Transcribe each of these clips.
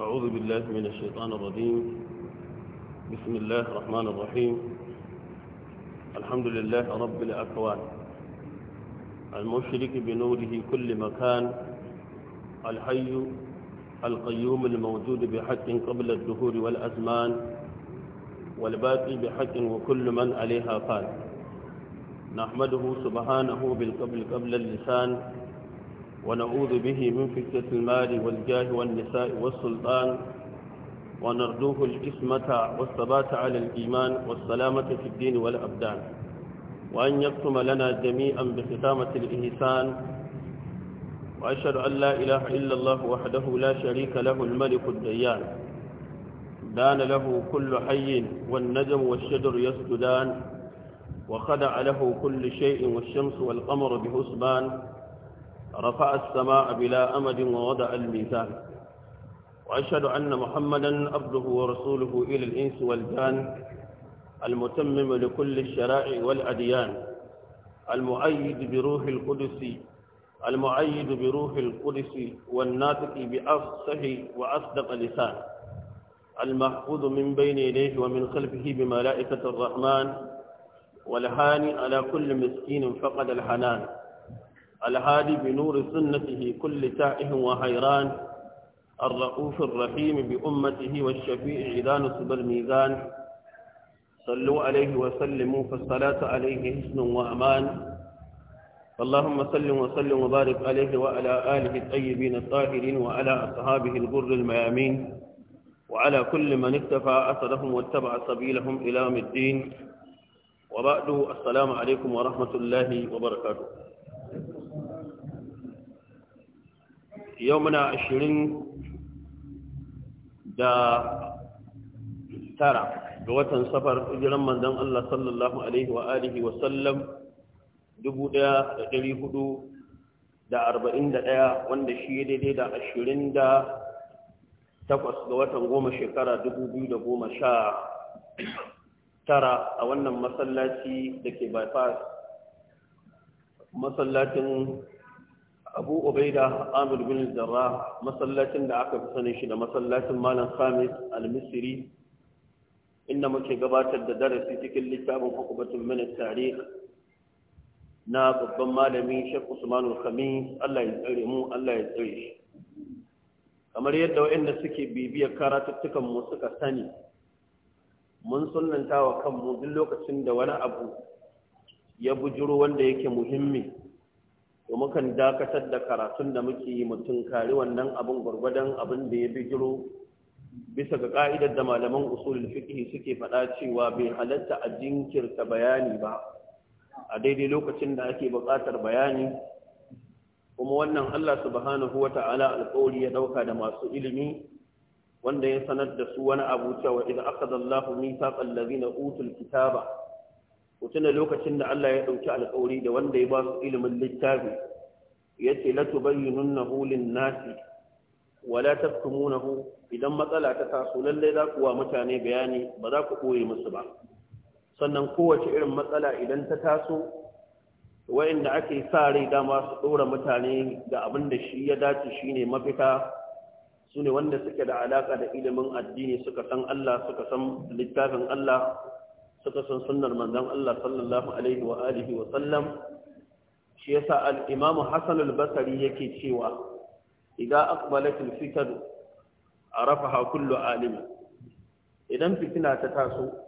أعوذ بالله من الشيطان الرجيم بسم الله الرحمن الرحيم الحمد لله رب الأكوان المشرك بنوره كل مكان الحي القيوم الموجود بحق قبل الدهور والأزمان والباقي بحق وكل من عليها فان نحمده سبحانه بالقبل قبل اللسان ونعوذ به من فتنة المال والجاه والنساء والسلطان ونرجوه الإسمة والثبات على الإيمان والسلامة في الدين والأبدان وأن يقسم لنا جميعا بختامة الإنسان وأشهد أن لا إله إلا الله وحده لا شريك له الملك الديان دان له كل حي والنجم والشجر يسجدان وخدع له كل شيء والشمس والقمر بحسبان رفع السماء بلا أمد ووضع الميزان وأشهد أن محمدا عبده ورسوله إلى الإنس والجان المتمم لكل الشرائع والأديان المؤيد بروح القدس المؤيد بروح القدس والناطق بأفصح وأصدق لسان المحفوظ من بين يديه ومن خلفه بملائكة الرحمن والهاني على كل مسكين فقد الحنان الهادي بنور سنته كل تائه وهيران الرؤوف الرحيم بأمته والشفيع إذا نصب الميزان صلوا عليه وسلموا فالصلاة عليه حسن وأمان اللهم سلم وسلم وبارك عليه وعلى آله الطيبين الطاهرين وعلى أصحابه الغر الميامين وعلى كل من اكتفى أثرهم واتبع سبيلهم إلى الدين وبعد السلام عليكم ورحمة الله وبركاته yau muna ashirin da tara ga watan safar hijiran manzon Allah sallallahu alaihi wa alihi wa sallam ɗaya. wanda shi daidai da ashirin da takwas ga watan goma shekara dubu biyu da goma sha tara a wannan masallaci da ke bypass masallacin abu ubaida amir bin zarra masallacin da aka fi sanin shi da masallacin malam khamis al-misri inda muke gabatar da darasi cikin littafin hukumatun min tarikh na babban malami Sheikh Usman Khamis Allah ya tsare mu Allah ya tsare shi kamar yadda waɗanda suke bibiyar karatuttukan mu suka sani mun sunnanta wa kanmu duk lokacin da wani abu ya bujuro wanda yake muhimmi to mukan dakatar da karatun da muke yi mutum kare wannan abin gwargwadon abin da ya bijiro bisa ga ka'idar da malaman usulul fiqh suke faɗa cewa bai halatta a jinkirta bayani ba a daidai lokacin da ake buƙatar bayani kuma wannan Allah subhanahu wata'ala alƙawari ya ɗauka da masu ilimi wanda ya sanar da su wani abu cewa idza aka zallahu mita utul kitaba ku tuna lokacin da Allah ya ɗauki alƙawari da wanda ya ba su ilimin littafi ya ce la tubayyinunnahu lin-nasi wa la taktumunahu idan matsala ta taso lallai za ku wa mutane bayani ba za ku koye musu ba sannan kowace irin matsala idan ta taso wa'inda ake sa rai dama su ɗora mutane da abin da shi ya dace shine mafita su ne wanda suke da alaƙa da ilimin addini suka san Allah suka san littafin Allah suka san sunnar manzon Allah sallallahu alaihi wa alihi wa sallam shi yasa al-Imam Hassan al-Basri yake cewa idan aqbalat al-fitan arafaha kullu alim idan fitina ta taso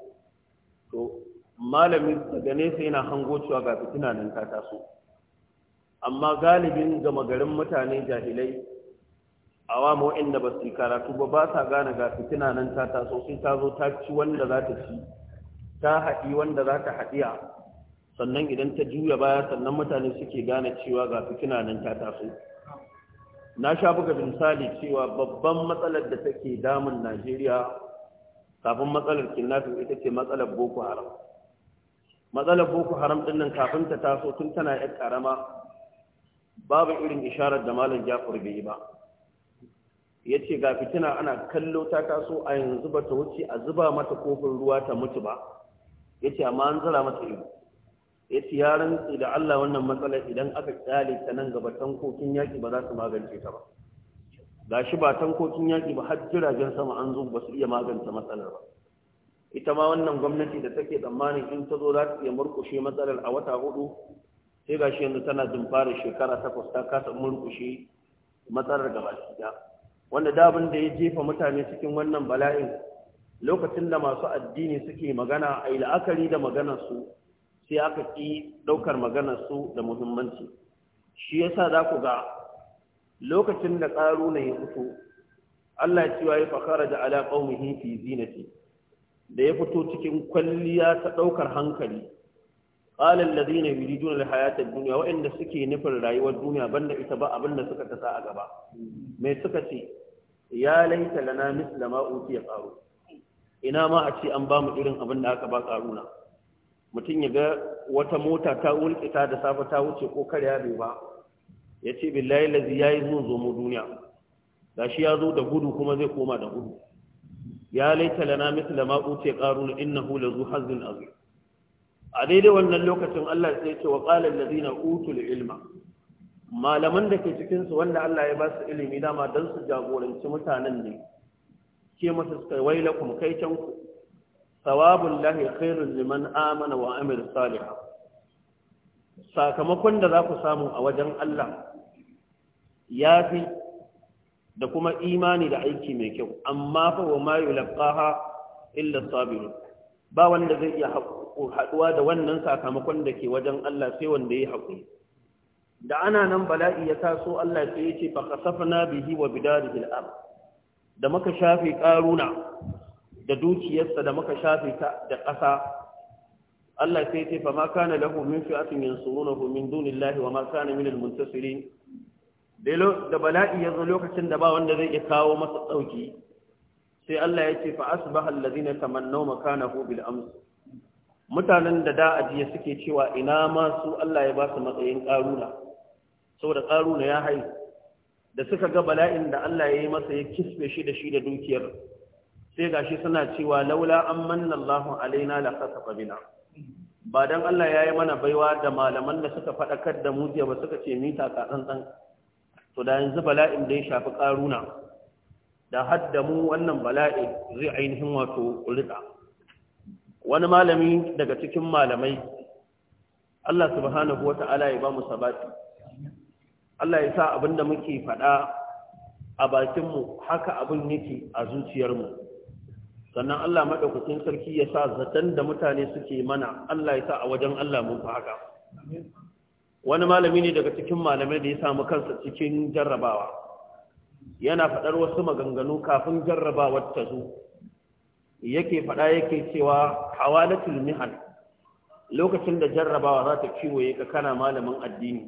to malami daga nesa yana hango cewa ga fitina nan ta taso amma galibin gama garin mutane jahilai awamu waɗanda ba su karatu ba ba sa gane ga fitina nan ta taso sai ta zo ta ci wanda za ta ci ta haɗi wanda za ta haɗiya sannan idan ta juya baya sannan mutane suke gane cewa ga fitina nan ta taso na sha buga misali cewa babban matsalar da take damun najeriya kafin matsalar kidnapping ita ce matsalar boko haram matsalar boko haram ɗin nan kafin ta taso tun tana yar karama babu irin isharar da malam jafar bai yi ba ya ce ga fitina ana kallo ta taso a yanzu ba ta wuce a zuba mata kofin ruwa ta mutu ba ya ce amma an zura masa ido ya ce ya rantsu da Allah wannan matsalar idan aka kyale ta nan gaba tankokin yaƙi ba za su magance ta ba ga shi ba tankokin yaƙi ba har jiragen sama an zo ba su iya magance matsalar ba ita ma wannan gwamnati da take tsammanin in ta zo za ta iya murkushe matsalar a wata hudu sai ga shi yanzu tana fara shekara takwas ta kasa murkushe matsalar gaba ɗaya wanda da abin da ya jefa mutane cikin wannan bala'in lokacin da masu addini suke magana a la'akari da maganarsu sai aka ƙi ɗaukar maganarsu da muhimmanci shi yasa za ku ga lokacin da ƙaru na ya fito Allah ya cewa ya fakara da ala qaumihi fi zinati da ya fito cikin kwalliya ta ɗaukar hankali qala alladhina yuriduna alhayata ad-dunya wa waɗanda suke nufin rayuwar duniya banda ita ba abin da suka tasa a gaba mai suka ce ya laita lana misla ma utiya qaru ina ma a ce an ba mu irin abin da aka ba karuna mutum ya ga wata mota ta wulkita da safe ta wuce ko karya bai ba ya ce billahi lazi ya yi zuwa zomo duniya ga shi ya zo da gudu kuma zai koma da gudu ya laita lana misla ma uce qarun hula lazu hazin azim a daidai wannan lokacin Allah sai ya ce wa qala allazina utul ilma malaman da ke cikinsu wanda Allah ya ba su ilimi dama don su jagoranci mutanen ne ce masa suka wailakum kai can ku sawabul lahi khairul liman amana wa amil salihah sakamakon da za ku samu a wajen Allah ya fi da kuma imani da aiki mai kyau amma fa wa ma yulqaha illa sabirun ba wanda zai iya haɗuwa da wannan sakamakon da ke wajen Allah sai wanda ya haƙuri da ana nan bala'i ya taso Allah sai ya ce fa kasafna bihi wa bidarihil al da muka shafe ƙaruna da dukiyarsa da muka shafe ta da ƙasa Allah sai ce fa ma kana lahu min fi'atin yansurunahu min dunillahi wa ma kana min almuntasirin da bala'i ya zo lokacin da ba wanda zai iya kawo masa tsauki. sai Allah ya ce fa asbaha alladhina tamannaw makanahu bil amsi mutanen da da ajiya suke cewa ina ma su Allah ya ba su matsayin ƙaruna saboda ƙaruna ya haihu da suka ga bala'in da Allah ya yi masa ya kisbe shi da shi da dukiyar sai gashi suna cewa laula an manna Allahu alaina la khasafa bina ba dan Allah ya yi mana baiwa da malaman da suka faɗakar da mu ba suka ce mita ka to da yanzu bala'in da ya shafi karuna da hadda mu wannan bala'i zai ainihin wato rika wani malami daga cikin malamai Allah subhanahu wata'ala ya ba mu sabati Allah ya sa abin da muke faɗa a bakinmu haka abin yake a zuciyarmu sannan Allah maɗaukakin sarki ya sa zaton da mutane suke mana Allah ya sa a wajen Allah mun fi haka wani malami ne daga cikin malamai da ya samu kansa cikin jarrabawa yana faɗar wasu maganganu kafin jarrabawar ta zo yake faɗa yake cewa hawalatul mihan lokacin da jarrabawa za ta kiwo ka kana malamin addini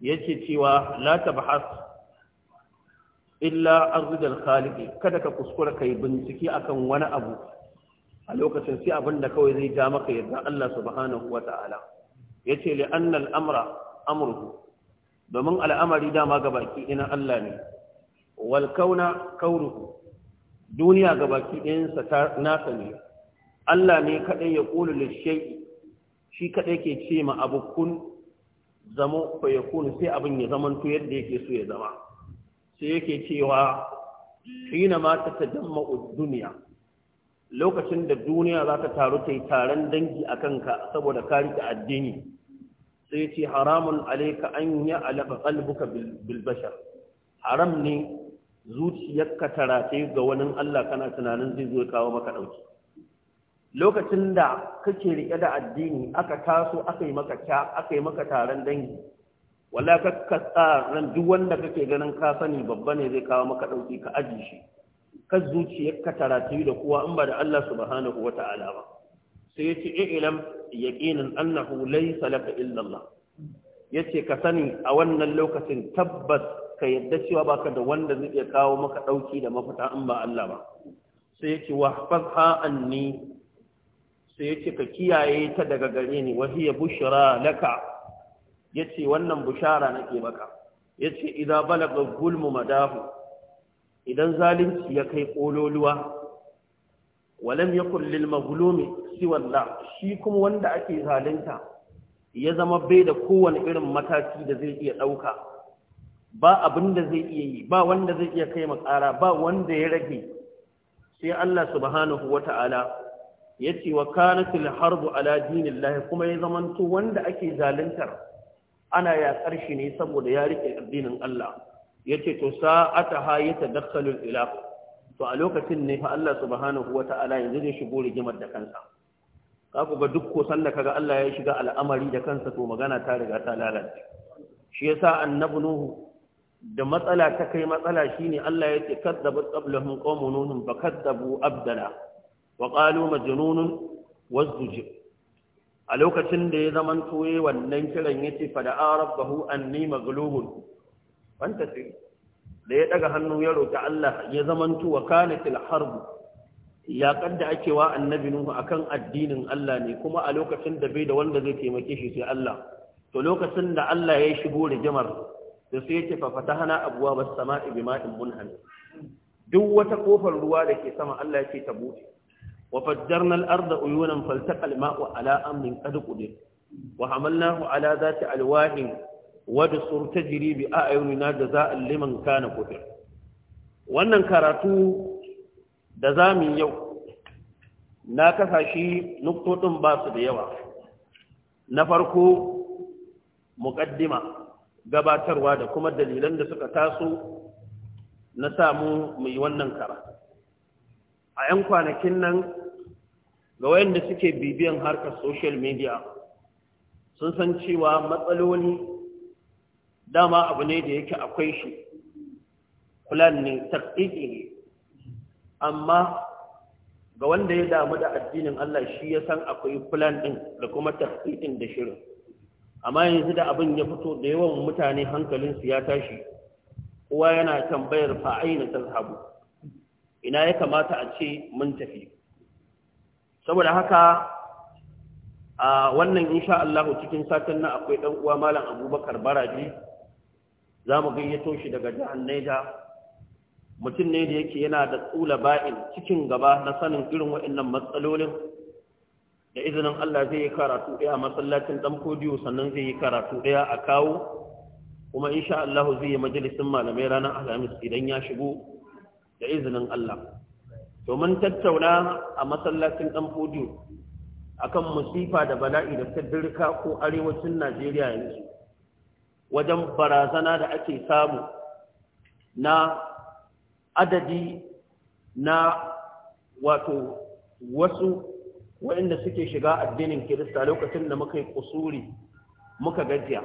yake cewa la tabhas illa arzul khaliqi kada ka kuskura kai bincike akan wani abu a lokacin sai abinda da kawai zai ja maka yadda Allah subhanahu wa ta'ala yace li annal amra amruhu domin al'amari dama ga baki ina Allah ne wal kauna kauruhu duniya ga baki ɗayansa ta nasa ne Allah ne kadai ya kula lishai shi kaɗai ke ce ma abu kun zamo fa kunu sai abin ya zama to yadda yake so ya zama sai yake cewa hina ma ta ad-dunya lokacin da duniya za ta taru ta yi taron dangi a kanka saboda ka rike addini sai ce haramun alaika an yi alaka kalbuka bilbashar haram ne zuciyarka tarafe ga wani Allah kana tunanin zai zo kawo maka ɗauki lokacin da kake riƙe da addini aka taso aka yi maka aka yi maka taron dangi wala ka ka ran duk wanda kake ganin ka sani babba ne zai kawo maka ɗauki ka aji shi ka zuciya ka tarati da kowa in ba da Allah subhanahu wa ta'ala ba sai ya ce ilam yaqinan annahu laysa laka illa Allah yace ka sani a wannan lokacin tabbas ka yadda cewa baka da wanda zai iya kawo maka ɗauki da mafita in ba Allah ba sai ya ce wahfazha anni sai ya ce ka kiyaye ta daga gare ni wa hiya bushra laka yace wannan bushara nake baka yace idza balaga gulmu madahu idan zalunci ya kai kololuwa walam yakul lil maghlumi siwa Allah shi kuma wanda ake zalunta ya zama bai da kowane irin mataki da zai iya ɗauka. ba abin zai iya yi ba wanda zai iya kai makara ba wanda ya rage sai Allah subhanahu wata'ala yace wa kanatil harbu ala dinillahi kuma ya zamanto wanda ake zaluntar ana ya shi ne saboda ya rike addinin Allah yace to sa'ata ha ya tadakkalu ila to a lokacin ne fa Allah subhanahu wata'ala yanzu zai shigo rigimar da kansa ka ga duk kosan da kaga Allah ya shiga al'amari da kansa to magana ta riga ta lalace shi yasa annabi nuhu da matsala ta kai matsala shine Allah ya ce kadzabat qablahum qawmun nuh fa abdala wa qalu wasu wazdujir a lokacin da ya zaman toye wannan kiran yace fa da rabbahu anni maghlubun fantasir da ya ɗaga hannu ya roki Allah ya zaman to wa kanatil harb yaƙar da ake wa annabi nuhu akan addinin Allah ne kuma a lokacin da bai da wanda zai taimake shi sai Allah to lokacin da Allah ya shigo jimar da sai ya ce fa fatahana abwaabas samaa'i bima'in munhan duk wata kofar ruwa da ke sama Allah ya ce ta bude. وفجرنا الأرض عيونا فالتقى الماء على أمر قد قدر وحملناه على ذات ألواح ودسر تجري بأعيننا جزاء لمن كان قدر wannan karatu da zamin yau na kasa shi nuktotun ba su da yawa na farko muƙaddima gabatarwa da kuma dalilan da suka taso na samu mai wannan karatu a 'yan kwanakin nan ga wayanda suke bibiyan harkar social media sun san cewa matsaloli dama abu ne da yake akwai shi kulan ne taƙiƙi ne amma ga wanda ya damu da addinin Allah shi ya san akwai kulan ɗin da kuma taƙiƙin da shirin amma yanzu da abin ya fito da yawan mutane hankalinsu ya tashi kowa yana tambayar fa'ai na tazhabu ina ya kamata a ce mun tafi saboda haka a wannan insha Allah cikin satin nan akwai dan uwa malam Abubakar Baraji za mu gayyato shi daga jihar Neja mutum ne da yake yana da tsula ba'in cikin gaba na sanin irin waɗannan matsalolin da izinin Allah zai yi karatu ɗaya a masallacin dan kodiyo sannan zai yi karatu ɗaya a kawo kuma insha Allah zai yi majalisin malamai ranar Alhamis idan ya shigo da izinin Allah domin tattauna a masallacin ɗan fodiyo kan musifa da bala'i da dirka ko arewacin Najeriya yanzu wajen barazana da ake samu na adadi na wato wasu waɗanda suke shiga addinin Kirista lokacin da muka yi kusuri muka gajiya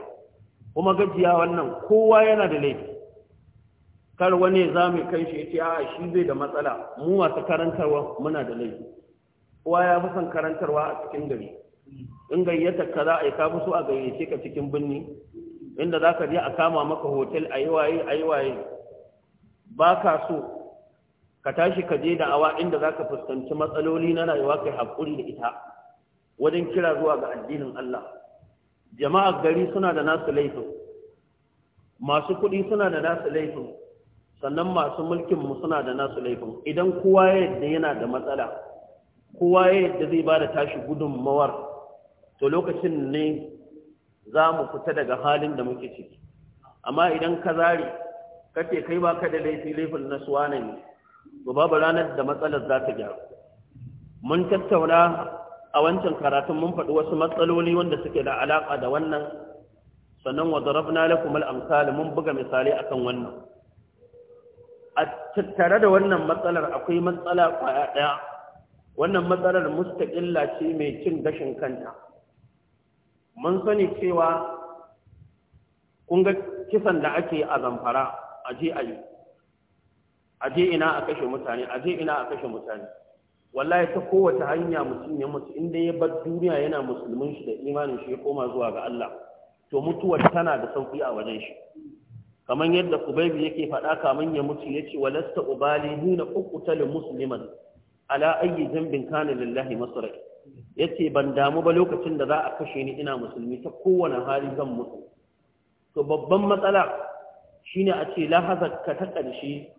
kuma gajiya wannan kowa yana da laifi kar wani za mu kai shi ya ce a shi zai da matsala mu masu karantarwa muna da laifi kowa ya fi son karantarwa a cikin gari in gayyata ka za a yi ka fi so a gayyace ka cikin birni inda za ka je a kama maka hotel a yi waye a yi waye ba ka so ka tashi ka je da awa inda za ka fuskanci matsaloli na rayuwa kai haƙuri da ita wajen kira zuwa ga addinin Allah jama'ar gari suna da nasu laifin masu kuɗi suna da nasu laifin sannan masu mulkin mu suna da nasu laifin idan kowa ya yadda yana da matsala kowa ya yadda zai ba da tashi gudunmawar to lokacin ne za mu fita daga halin da muke ciki amma idan ka ka kace kai ba ka da laifi laifin na suwana ne babu ranar da matsalar za ta gyaru mun tattauna a wancan karatun mun faɗi wasu matsaloli wanda suke da alaƙa da wannan sannan wa darabna lakum al-amsal mun buga misali akan wannan a tattare da wannan matsalar akwai matsala kwaya ɗaya wannan matsalar mustaƙilla ce mai cin gashin kanta mun sani cewa kun ga kisan da ake a zamfara a je a yi a je ina a kashe mutane a je ina a kashe mutane wallahi ta kowace hanya mutum ya mutu inda ya bar duniya yana musulmin shi da imanin shi ya koma zuwa ga Allah to mutuwar tana da sauki a wajen shi kamar yadda Kubaybi yake faɗa kamun ya mutu wa walasta ubali hina uqtalu musulman. ala ayyi dhanbin kana lillahi Ya yace ban damu ba lokacin da za a kashe ni ina musulmi ta kowane hali zan mutu to babban matsala shine a ce lahazar ka ta ƙarshe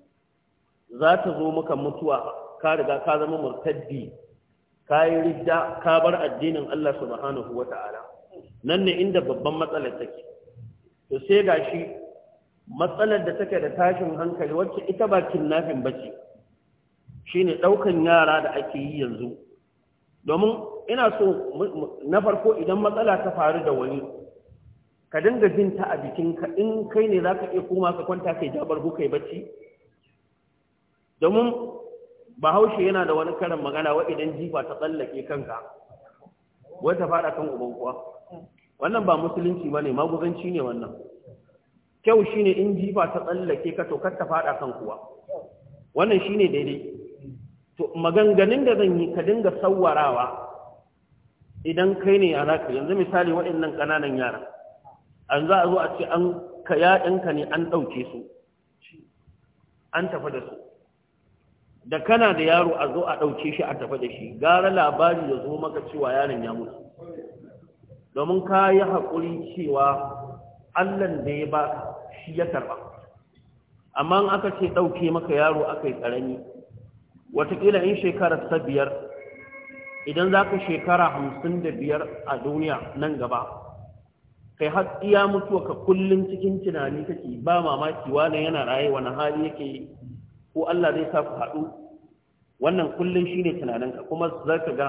za ta zo maka mutuwa ka riga ka zama murtaddi ka yi ridda ka bar addinin Allah subhanahu wata'ala nan ne inda babban matsalar take to sai gashi matsalar da take da tashin hankali wacce ita ba kinnafin ba ce shi ne ɗaukan yara da ake yi yanzu domin ina so na farko idan matsala ta faru da wani ka dinga jin ta a jikinka in kai ne za ka iya koma ka kwanta kai jabar kai bacci domin bahaushe yana da wani karin magana wa idan jifa ta tsallake kanka wata faɗa kan ubankuwa. wannan ba musulunci ba ne ne wannan kyau shine in jifa ta tsallake ka to kar ta fada kan kuwa wannan shine daidai to maganganun da zan yi ka dinga sawwarawa idan kai ne yara ka yanzu misali waɗannan ƙananan yara an za a zo a ce an ka yaɗinka ne an ɗauke su an tafi da su da kana da yaro a zo a ɗauke shi a tafi da shi gara labari ya zo maka cewa yaron ya mutu domin ka yi haƙuri cewa allan da ya baka shi ya karba amma in aka ce ɗauke maka yaro aka yi ƙarami Wataƙila in shekara ta biyar idan za ka shekara hamsin da biyar a duniya nan gaba kai har iya mutuwa ka kullum cikin tunani kake ba mamaki wani yana raye wani hali yake ko Allah zai sa ku haɗu wannan kullum shine tunaninka kuma za ka ga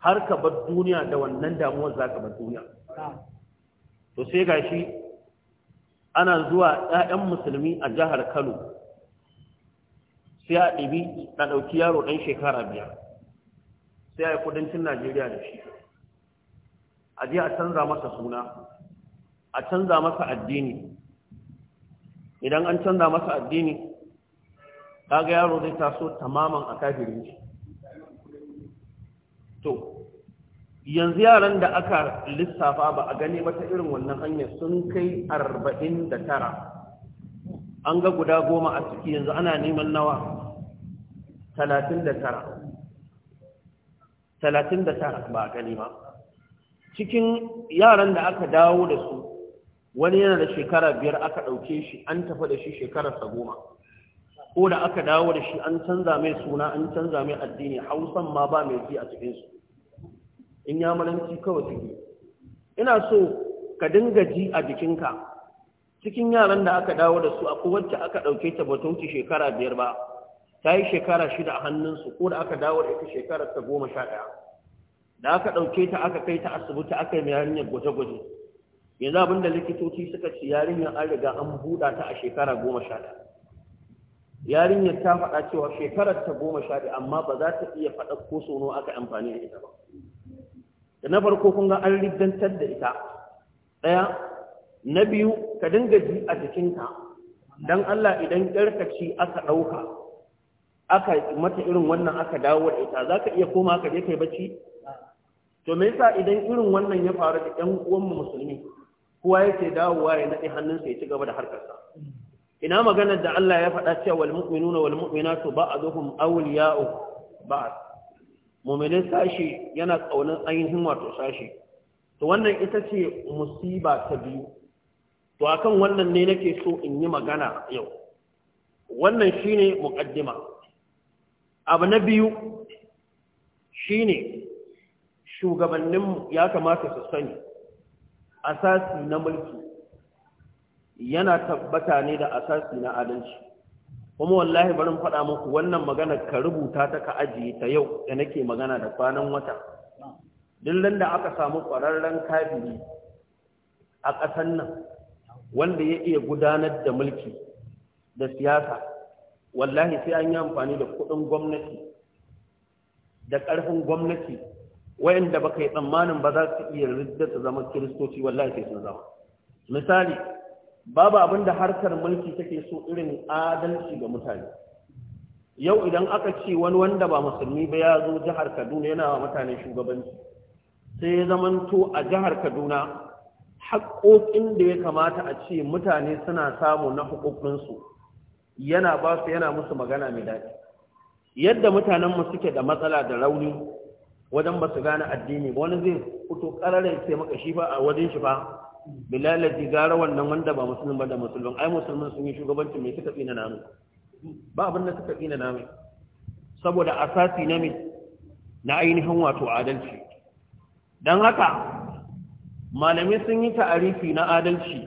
har ka bar duniya da wannan damuwar za ka bar duniya to sai gashi ana zuwa 'ya'yan musulmi a jihar kano sai a ɗibi na ɗauki yaro ɗan shekara biyar sai a yi kudancin najeriya da shi a je a canza masa suna a canza masa addini idan an canza masa addini kaga yaro zai taso tamaman a kafirin shi to yanzu yaran da aka lissafa ba a gani mata irin wannan hanyar sun kai arba'in da tara an ga guda goma a ciki yanzu ana neman nawa talatin da tara talatin da tara ba a gani ba cikin yaran da aka dawo da su wani yana da shekara biyar aka ɗauke shi an tafi da shi shekararsa goma ko da aka dawo da shi an canza mai suna an canza mai addini hausan ma ba mai ji a cikinsu in yamuranci kawai suke ina so ka dinga ji a jikinka cikin yaran da aka dawo da su a wacce aka ɗauke ta ba ta shekara biyar ba ta yi shekara shida a hannunsu ko da aka dawo da ita shekarar ta goma sha ɗaya da aka ɗauke ta aka kai ta asibiti aka yi yarinyar gwaje-gwaje yanzu abin da likitoci suka ce yarinyar an riga an buɗa ta a shekara goma sha ɗaya yarinyar ta faɗa cewa shekarar ta goma sha ɗaya amma ba za ta iya faɗa ko sono aka amfani da ita ba na farko kun ga an riddantar da ita ɗaya na biyu ka dinga ji a jikinta don Allah idan ƙarkaci aka ɗauka aka mata irin wannan aka dawo da ita za ka iya koma ka je kai bacci to me yasa idan irin wannan ya faru da ɗan uwanmu musulmi kowa yake dawowa ya naɗe hannunsa ya ci gaba da harkarsa ina maganar da Allah ya faɗa cewa wal mu'minuna wal mu'minatu ba'dhum awliya'u ba'd mummune sashi yana ƙaunin ainihin wato sashi to wannan ita ce musiba ta biyu to akan wannan ne nake so in yi magana yau wannan shine muqaddima abu na biyu shine shugabannin ya kamata su sani asasi na mulki yana tabbata ne da asasi na adalci kuma wallahi barin faɗa muku wannan magana ka rubuta ta ka ajiye ta yau da nake magana da kwanan wata dillan da aka samu ƙwararren kafi a ƙasar nan wanda ya iya gudanar da mulki da siyasa wallahi sai an yi amfani da kuɗin gwamnati da ƙarfin gwamnati wayanda baka yi tsammanin ba za su iya riddata zama kiristoci wallahi sai sun zama misali babu abin da harkar mulki take so irin adalci ga mutane yau idan aka ce wani wanda ba musulmi ba ya zo jihar kaduna yana wa mutane shugabanci sai ya zamanto a jihar kaduna haƙoƙin da ya kamata a ce mutane suna samu na haƙoƙinsu yana ba su yana musu magana mai daɗi yadda mutanen mu suke da matsala da rauni wajen ba su gane addini wani zai fito ƙararrai sai maka shi fa a wajen shi fa bilal ji gara wannan wanda ba musulmi ba da musulmi ai musulmin sun yi shugabanci mai suka tsina namu ba abin da suka tsina namu saboda asasi na mai na ainihin wato adalci dan haka malamai sun yi ta'arifi na adalci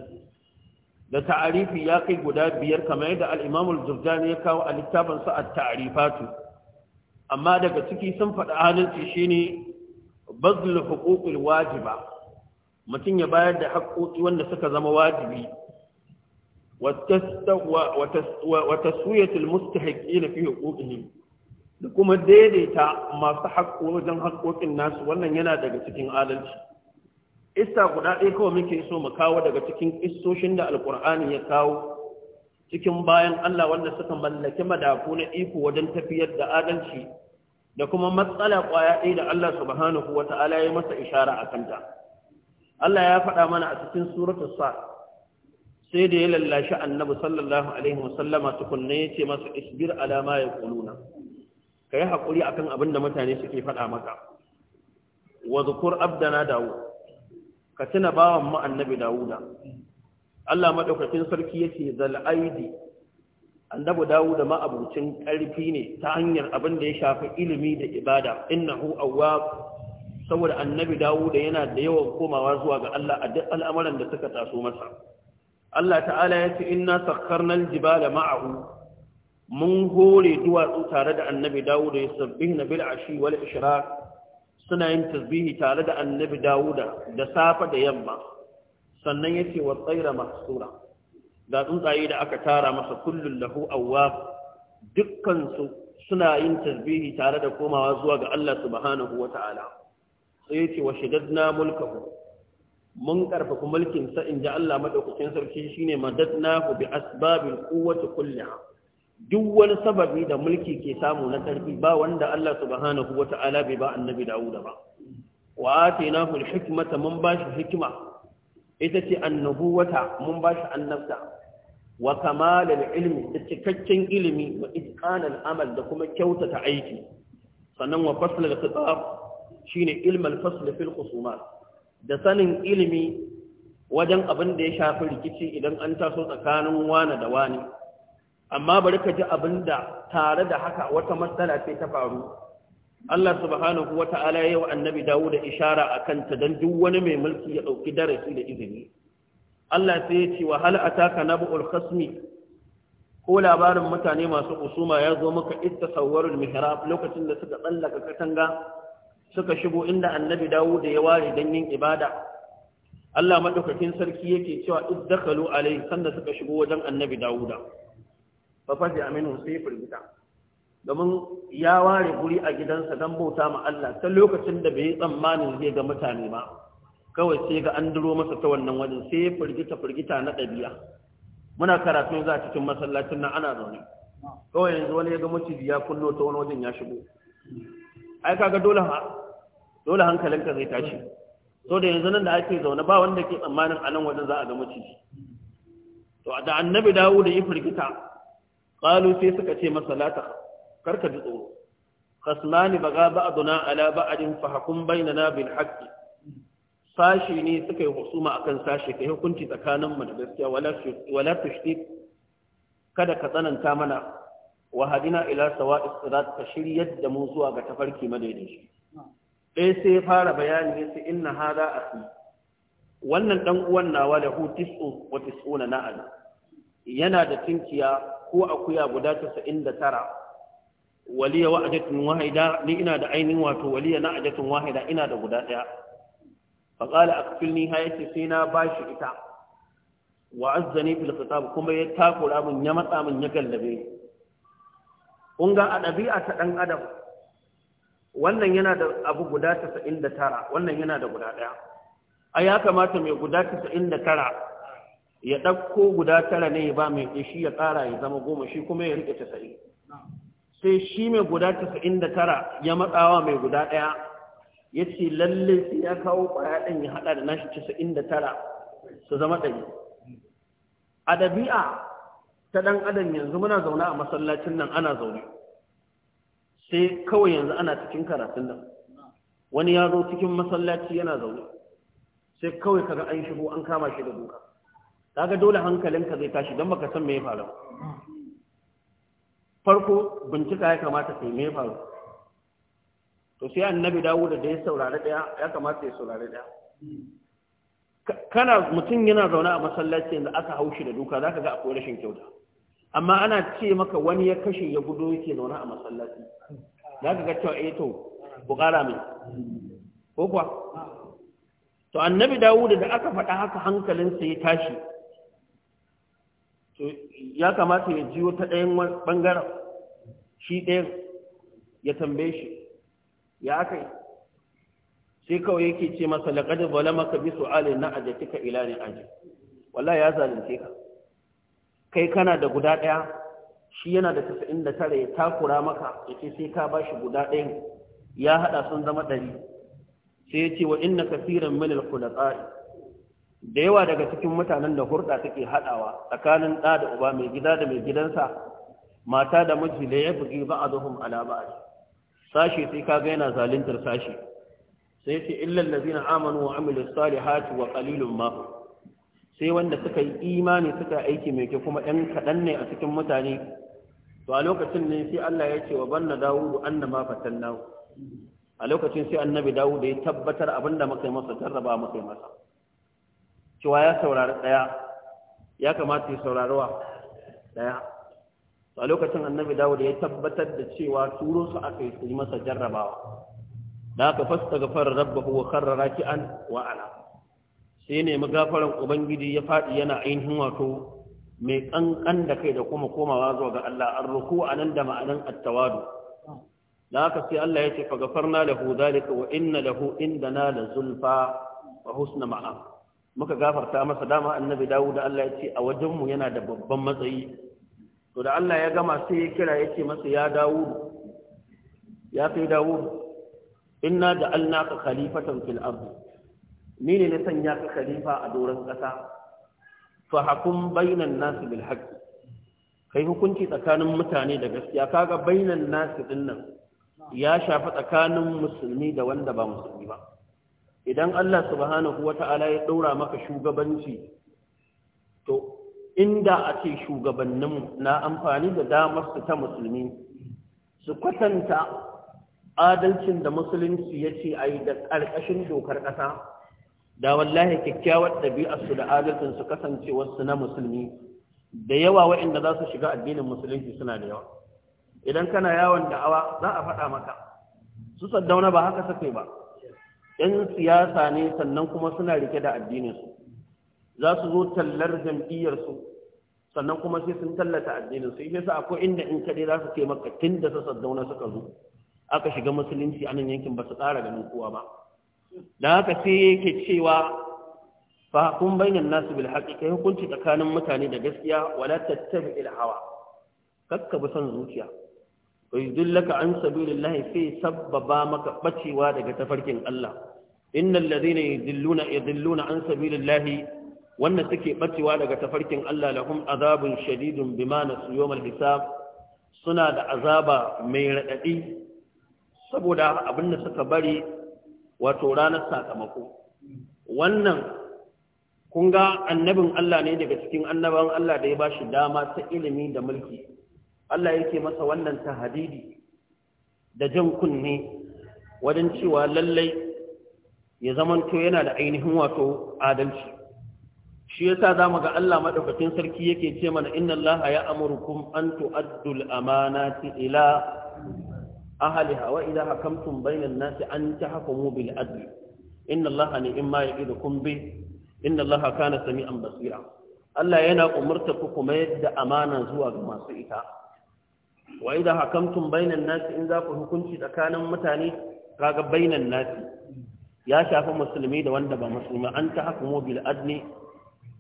da ta'arifi ya kai guda biyar kamar yadda al'imamul jurjani ya kawo a sa a ta'arifatu amma daga ciki sun faɗi adalci shine bazlu huquqil wajiba mutum ya bayar da haƙoƙi wanda suka zama wajibi wa haƙi na fi haƙoƙi da kuma daidaita masu haƙo wajen haƙoƙin nasu wannan yana daga cikin adalci ista guda ɗaya kawai muke so mu kawo daga cikin isoshin da alƙur'ani ya kawo cikin bayan Allah wanda suka mallaki madafu na iko wajen tafiyar da adalci da kuma matsala ƙwaya ɗaya da Allah subhanahu wa ta'ala ya masa ishara a kanta Allah ya faɗa mana a cikin suratul sa sai da ya lallashi annabi sallallahu alaihi wasallama tukunna yace masa isbir ala ma yaquluna kai hakuri akan abin da mutane suke faɗa maka wa zkur abdana dawud ka tuna bawan mu annabi dawuda Allah madaukakin sarki yace zal aidi annabi dawuda ma abucin karfi ne ta hanyar abin da ya shafi ilimi da ibada innahu awwab saboda annabi Dawuda yana da yawan komawa zuwa ga Allah a duk al'amuran da suka taso masa Allah ta'ala ya ce inna sakkarnal jibala ma'ahu mun hore duwatsu tare da annabi Dawuda ya sabbihna bil ashi wal ishraq suna yin tasbihi tare da annabi Dawuda da safa da yamma sannan yace wa tsaira mahsura da tsuntsaye da aka tara masa kullun lahu awwab dukkan su suna yin tasbihi tare da komawa zuwa ga Allah subhanahu wata'ala sai ce wa shaddadna mulkahu mun karfafa mulkin sa inda Allah madaukakin sarki shine madadnahu bi asbabil quwwati kulliha duk wani sababi da mulki ke samu na karfi ba wanda Allah subhanahu wata'ala bai ba annabi dawuda ba wa atainahu al-hikmata mun bashi hikma ita ce annubuwata mun bashi annabta wa kamalal ilmi da cikakken ilimi wa amal da kuma kyautata aiki sannan wa faslal khitab shine ilmal fasl fil khusumat da sanin ilimi wajen abin da ya shafi rikici idan an taso tsakanin wani da wani amma bari ka ji abin da tare da haka wata matsala ce ta faru Allah subhanahu wata'ala ya wa annabi dawo da ishara a kanta don duk wani mai mulki ya ɗauki darasi da izini Allah sai ya ce wa hal ataka nabul khasmi ko labarin mutane masu usuma ya zo maka idda sawwarul mihrab lokacin da suka tsallaka katanga suka shigo inda annabi dawo da ya ware don yin ibada Allah madaukakin sarki yake cewa duk dakalu alai sanda suka shigo wajen annabi dawuda fa fafi aminu sai firgita domin ya ware guri a gidansa don bauta ma Allah ta lokacin da bai tsammanin zai ga mutane ba kawai sai ga an duro masa ta wannan wajen sai firgita firgita na ɗabi'a muna karatu za a cikin masallacin nan ana zaune kawai yanzu wani ya ga maciji ya kullo ta wani wajen ya shigo ai kaga dole ha dole hankalinka zai tashi so da yanzu nan da ake zaune ba wanda ke tsammanin anan nan wajen za a ga maciji to da annabi dawo da yi firgita qalu sai suka ce masa la karka ji tsoro khasmani baga ba'duna ala ba'din fa hakum bainana bil haqq sashi ne suka yi husuma akan sashi kai hukunci tsakanin mu da gaskiya wala wala tushtik kada ka tsananta mana wa hadina ila sawa'is sirat ka shiryar da mu zuwa ga tafarki madaidaici ɗaya sai ya fara bayani ya ce inna hada su. wannan dan uwan nawa da tis'u wa tis'una na'al yana da tinkiya ko akuya guda 99 waliya ajatun wahida ni ina da ainihin wato waliya na ajatun wahida ina da guda daya fa qala aqfilni hayati sai na bashi ita wa azzani fil khitab kuma ya takura min ya matsa min ya gallabe kun ga a ɗabi'a ta ɗan adam wannan yana da abu guda tara, wannan yana da guda ɗaya a ya kamata mai guda tara, ya ɗauko guda tara ne ba mai shi ya ƙara ya zama goma shi kuma ya riƙe 90 sai shi mai guda tara ya matsawa mai guda ɗaya ya ce lalle sai ya kawo ƙwaya ɗin ya haɗa da nashi tara su zama ɗari a ɗabi'a ta ɗan adam yanzu muna zaune a masallacin nan ana zaune sai kawai yanzu ana cikin karatun nan wani ya zo cikin masallaci yana zaune sai kawai kaga an shigo an kama shi da duka kaga dole hankalinka zai tashi don baka san me ya faru farko bincika ya kamata kai me ya faru to sai annabi dawo da ya saurari daya ya kamata ya saurari daya kana mutum yana zaune a masallaci yanzu aka haushi da duka zaka ga akwai rashin kyauta amma ana ce maka wani ya kashe ya gudu yake zaune a masallaci za ka ga a eh to bukara mai ko kuwa to annabi dawud da aka faɗa haka hankalinsa ya tashi to ya kamata ya jiwo ta ɗayan ɓangaren shi ɗaya ya tambaye shi ya aka yi sai kawai yake ce masa laƙadar ka bi su'alin na ajatika ila ne aji wallahi ya zalunce ka kai kana da guda ɗaya shi yana da tasa'in da tare ya takura maka ya ce sai ka ba shi guda ɗayan ya haɗa sun zama ɗari sai ya ce wa inna kasirin milil tsari da yawa daga cikin mutanen da hurɗa take haɗawa tsakanin ɗa da uba mai gida da mai gidansa mata da miji da ya bugi ba a zuhun ala sashi sai ka ga yana zaluntar sashi sai ce illal lazina amanu wa amilu salihati wa qalilun ma sai wanda suka yi imani suka aiki mai kyau kuma ɗan kaɗan ne a cikin mutane to a lokacin ne sai Allah ya ce wa banna dawudu annama fatannahu a lokacin sai annabi Dawudu ya tabbatar abinda muka yi masa jarraba muka yi masa cewa ya saurari ɗaya ya kamata ya saurari wa ɗaya a lokacin annabi Dawudu ya tabbatar da cewa turo su aka yi su yi masa jarrabawa da aka fasta gafar rabbahu wa kharra raki'an wa ala sai nemi gafaran ubangiji ya faɗi yana ainihin wato mai ƙanƙan da kai da kuma komawa zuwa ga Allah an ruku a nan da ma'anan attawadu da haka sai Allah ya ce fa gafarna lahu zalika wa inna lahu indana la zulfa wa husna ma'a muka gafarta masa dama annabi Dawud Allah ya ce a wajen mu yana da babban matsayi to da Allah ya gama sai ya kira yake masa ya Dawud ya kai Dawud inna ja'alnaka khalifatan fil ardh ni ne na sanya ka khalifa a doron ƙasa fa hakum bainan nasu bil haqq kai hukunci tsakanin mutane da gaskiya kaga bainan nasu nan. ya shafi tsakanin musulmi da wanda ba musulmi ba idan Allah subhanahu wata'ala ya ɗora maka shugabanci to inda a ce shugabannin na amfani da damar su ta musulmi su kwatanta adalcin da musulunci ya ce a yi da ƙarƙashin dokar ƙasa da wallahi kyakkyawar su da adalcin su kasance wasu na musulmi da yawa waɗanda za su shiga addinin musulunci suna da yawa idan kana yawon da'awa za a faɗa maka su saddauna ba haka suke ba ɗan siyasa ne sannan kuma suna rike da addininsu za su zo tallar jam'iyyarsu sannan kuma sai sun tallata addininsu shi yasa akwai inda in kaɗai za su maka tun da su saddauna suka zo aka shiga musulunci a nan yankin ba su ƙara ganin kowa ba da haka sai yake cewa fa kun bainan nasu bil hukunci tsakanin mutane da gaskiya wala tattabi il hawa kakka bi son zuciya wa yudullaka an sabilillahi sai sabbaba maka bacewa daga tafarkin Allah innal ladhina yudilluna yudilluna an sabilillahi wannan suke bacewa daga tafarkin Allah lahum azabun shadidun bima nasu yawmal hisab suna da azaba mai radadi saboda abin da suka bari wato ranar sakamako wannan kun ga annabin Allah ne daga cikin annaban Allah da ya ba shi dama ta ilimi da mulki Allah yake masa wannan ta hadidi da jan kunne wajen cewa lallai ya zamanto yana da ainihin wato adalci shi yasa mu ga Allah madaukakin sarki yake ce mana inna Allah ya amurukum an tu'addul amanati ila ahliha wa idha hakamtum bainan nasi an tahkumu bil adl inna allaha ni'ma ya'idukum bi inna allaha kana sami'an basira Allah yana umurta ku kuma yadda amana zuwa ga masu ita wa idha hakamtum bainan nasi in za ku hukunci tsakanin mutane kaga bainan nasi ya shafi musulmi da wanda ba musulmi an ta haka mobil adni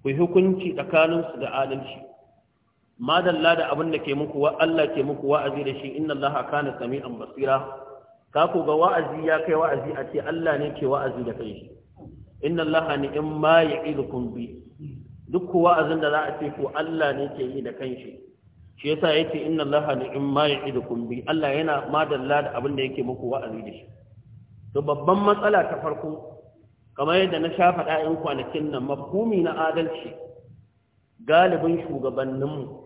ku hukunci tsakaninsu da adalci ma dalla da abin da ke muku wa Allah ke muku wa'azi da shi inna Allah kana sami'an basira ka ku ga wa'azi ya kai wa'azi a ce Allah ne ke wa'azi da kai inna Allah ni in ma ya'idukum bi duk wa'azin da za a ce ku Allah ne ke yi da kanshi shi yasa yace inna Allah ni in ma ya'idukum bi Allah yana ma dalla da abin da yake muku wa'azi da shi to babban matsala ta farko kamar yadda na sha faɗa 'yan kwanakin nan mafhumi na adalci galibin shugabanninmu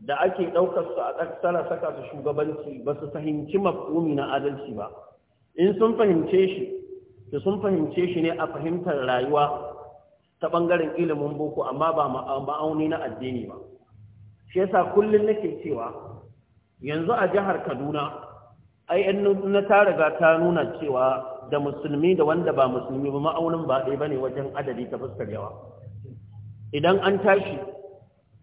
da ake ɗaukar su a tsara saka su shugabanci ba su fahimci mafhumi na adalci ba in sun fahimce shi sun fahimce shi ne a fahimtar rayuwa ta ɓangaren ilimin boko amma ba ma'auni na addini ba shi yasa kullum nake cewa yanzu a jihar kaduna ai na ta riga ta nuna cewa da musulmi da wanda ba musulmi ba ma'aunin ba ɗaya ne wajen adadi ta fuskar yawa idan an tashi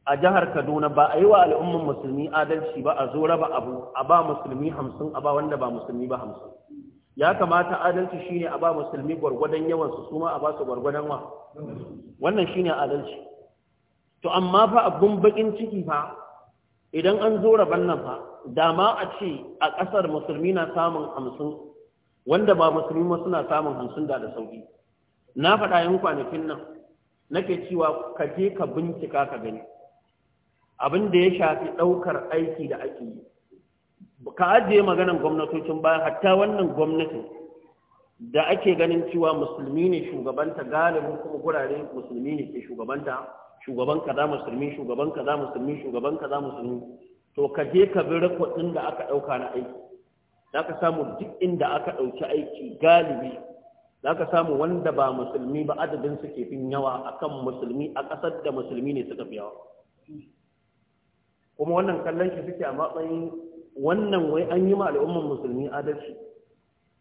a jihar kaduna ba a yi wa al'umman musulmi adalci ba a zo raba abu a ba musulmi hamsin a ba wanda ba musulmi ba hamsin ya kamata adalci shi ne a ba musulmi gwargwadon yawansu su ma a ba su gwargwadon wa wannan ne adalci to amma fa a bakin ciki fa idan an zo raban nan fa dama a ce a ƙasar musulmi na samun hamsin wanda ba musulmi ma suna samun hamsin da da sauki na faɗa yan kwanakin nan nake cewa ka je ka bincika ka gani abin da ya shafi ɗaukar aiki da ake yi ka ajiye maganan gwamnatocin baya hatta wannan gwamnatin da ake ganin cewa musulmi ne shugabanta galibin kuma gurare musulmi ne ke shugabanta shugaban kaza musulmi shugaban kaza musulmi shugaban kaza musulmi to ka je ka bi rikodin da aka ɗauka na aiki za ka samu duk inda aka ɗauki aiki galibi za ka samu wanda ba musulmi ba adadin su ke fin yawa akan musulmi a ƙasar da musulmi ne suka fi yawa kuma wannan kallon shi suke a matsayin wannan wai an yi ma al'umman musulmi adalci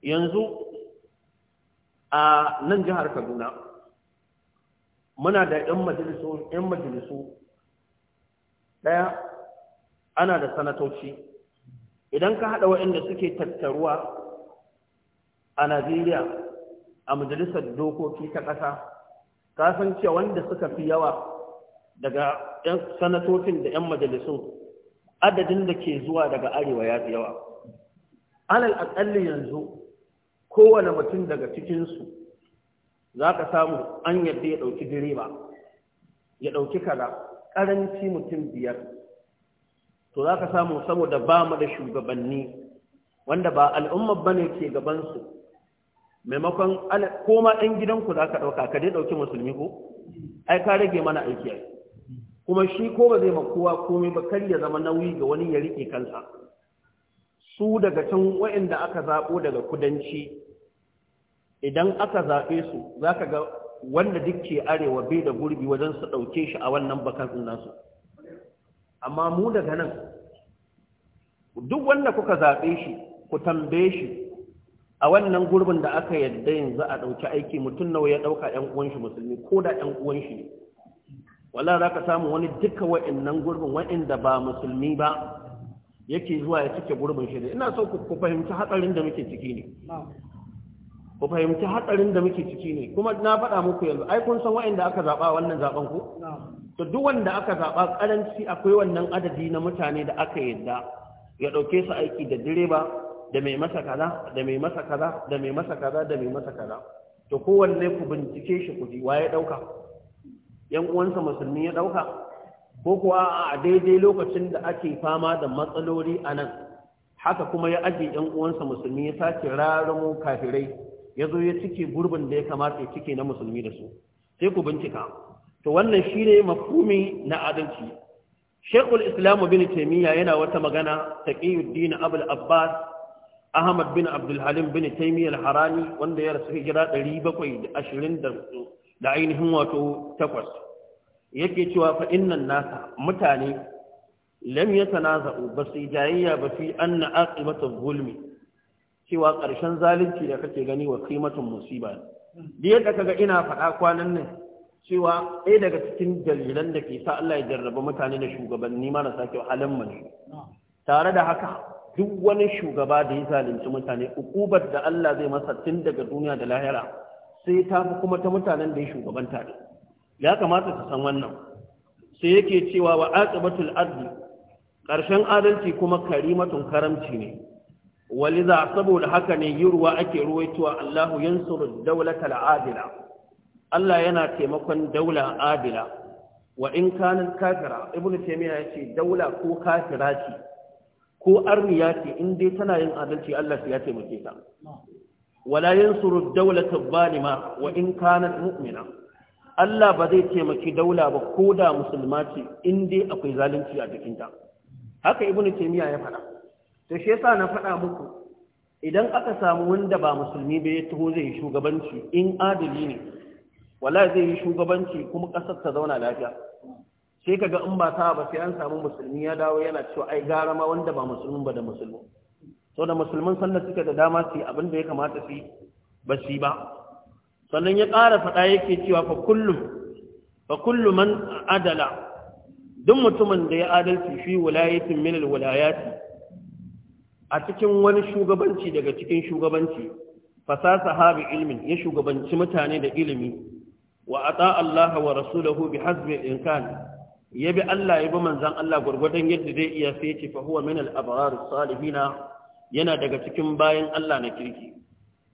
yanzu a nan jihar kaduna muna da 'yan majalisu 'yan majalisu ɗaya ana da sanatoci idan ka haɗa waɗanda suke tattaruwa a najeriya a majalisar dokoki ta ƙasa ka san cewa wanda suka fi yawa daga 'yan sanatocin da 'yan majalisun adadin da ke zuwa daga arewa ya fi yawa alal akalli yanzu kowane mutum daga cikinsu za ka samu an yadda ya ɗauki direba ya ɗauki kaza ƙaranci mutum biyar to za ka samu saboda ba mu da shugabanni wanda ba al'ummar ba ne ke gabansu maimakon koma ɗan gidanku za ka ɗauka ka dai ɗauki musulmi ko ai ka rage mana aiki ai kuma shi ko ba zai kowa komai ba kar ya zama nauyi ga wani ya rike kansa su daga can waɗanda aka zaɓo daga kudanci idan aka zaɓe su za ka ga wanda duk ke arewa bai da gurbi wajen su ɗauke shi a wannan bakan nasu amma mu daga nan duk wanda kuka zaɓe shi ku tambaye shi a wannan gurbin da aka yadda yanzu a ɗauki aiki mutum nawa ya ɗauka ‘yan uwan shi musulmi ko da ‘yan uwan shi ne wala za ka samu wani duka wa'annan gurbin wa'anda ba musulmi ba yake zuwa ya cike gurbin shi ina so ku fahimci hatsarin da muke ciki ne ku fahimci hatsarin da muke ciki ne kuma na faɗa muku yanzu ai kun san wa'anda aka zaɓa wannan zaɓen ku to duk wanda aka zaɓa ƙaranci akwai wannan adadi na mutane da aka yadda ya ɗauke su aiki da direba da mai masa kaza da mai masa kaza da mai masa kaza da mai masa kaza to kowanne ku bincike shi ku ji waye ɗauka yan uwansa musulmi ya ɗauka ko kuwa a daidai lokacin da ake fama da matsaloli a nan haka kuma ya ajiye yan uwansa musulmi ya sace raramo kafirai ya zo ya cike gurbin da ya kamata ya cike na musulmi da su sai ku bincika to wannan shi ne mafhumi na adalci shekul islam bin taimiyya yana wata magana taqiyuddin abul abbas ahmad bin abdul halim bin taimiyya al-harani wanda ya rasu hijira 720 da ainihin wato takwas yake cewa fa innan nasa mutane lam yatanaza'u ba su jayayya ba fi anna aqibatu zulmi cewa ƙarshen zalunci da kake gani wa qimatun musiba da yadda kaga ina faɗa kwanan nan cewa ɗaya daga cikin dalilan da ke sa Allah ya jarraba mutane da shugabanni marasa kyau halin ne tare da haka duk wani shugaba da ya zalunci mutane ukubar da Allah zai masa tun daga duniya da lahira sai ta fi kuma ta mutanen da ya shugabanta da ya kamata ta san wannan sai yake cewa wa aqibatul adli karshen adalci kuma karimatun karamci ne waliza saboda haka ne yurwa ake ruwaitowa Allahu yansuru dawlatal adila Allah yana taimakon daula adila wa in kana kafira ibnu taymiya yace daula ko kafira ce ko arniya ce in dai tana yin adalci Allah ya taimake ta wala yansuru bani ma wa in kanat mu'mina Allah ba zai taimaki daula ba ko da musulma ce in dai akwai zalunci a jikinta. haka ibnu taymiya ya faɗa to shi yasa na faɗa muku idan aka samu wanda ba musulmi ba ya taho zai yi shugabanci in adali ne wala zai yi shugabanci kuma ƙasar ta zauna lafiya sai kaga in ba ta ba sai an samu musulmi ya dawo yana cewa ai gara ma wanda ba musulmin ba da musulmi da musulman sannan suke da dama su abin da ya kamata su ba su ba sannan ya ƙara faɗa yake cewa fa kullum fa man adala duk mutumin da ya adalci fi walayatin min alwilayati a cikin wani shugabanci daga cikin shugabanci fasa sahabi ilmin ya shugabanci mutane da ilimi wa ata Allah wa rasulahu bi hasbi imkan ya bi Allah ya bi manzan Allah gwargwadon yadda zai iya sai ce fa huwa min al-abrar salihina yana daga cikin bayan Allah na kirki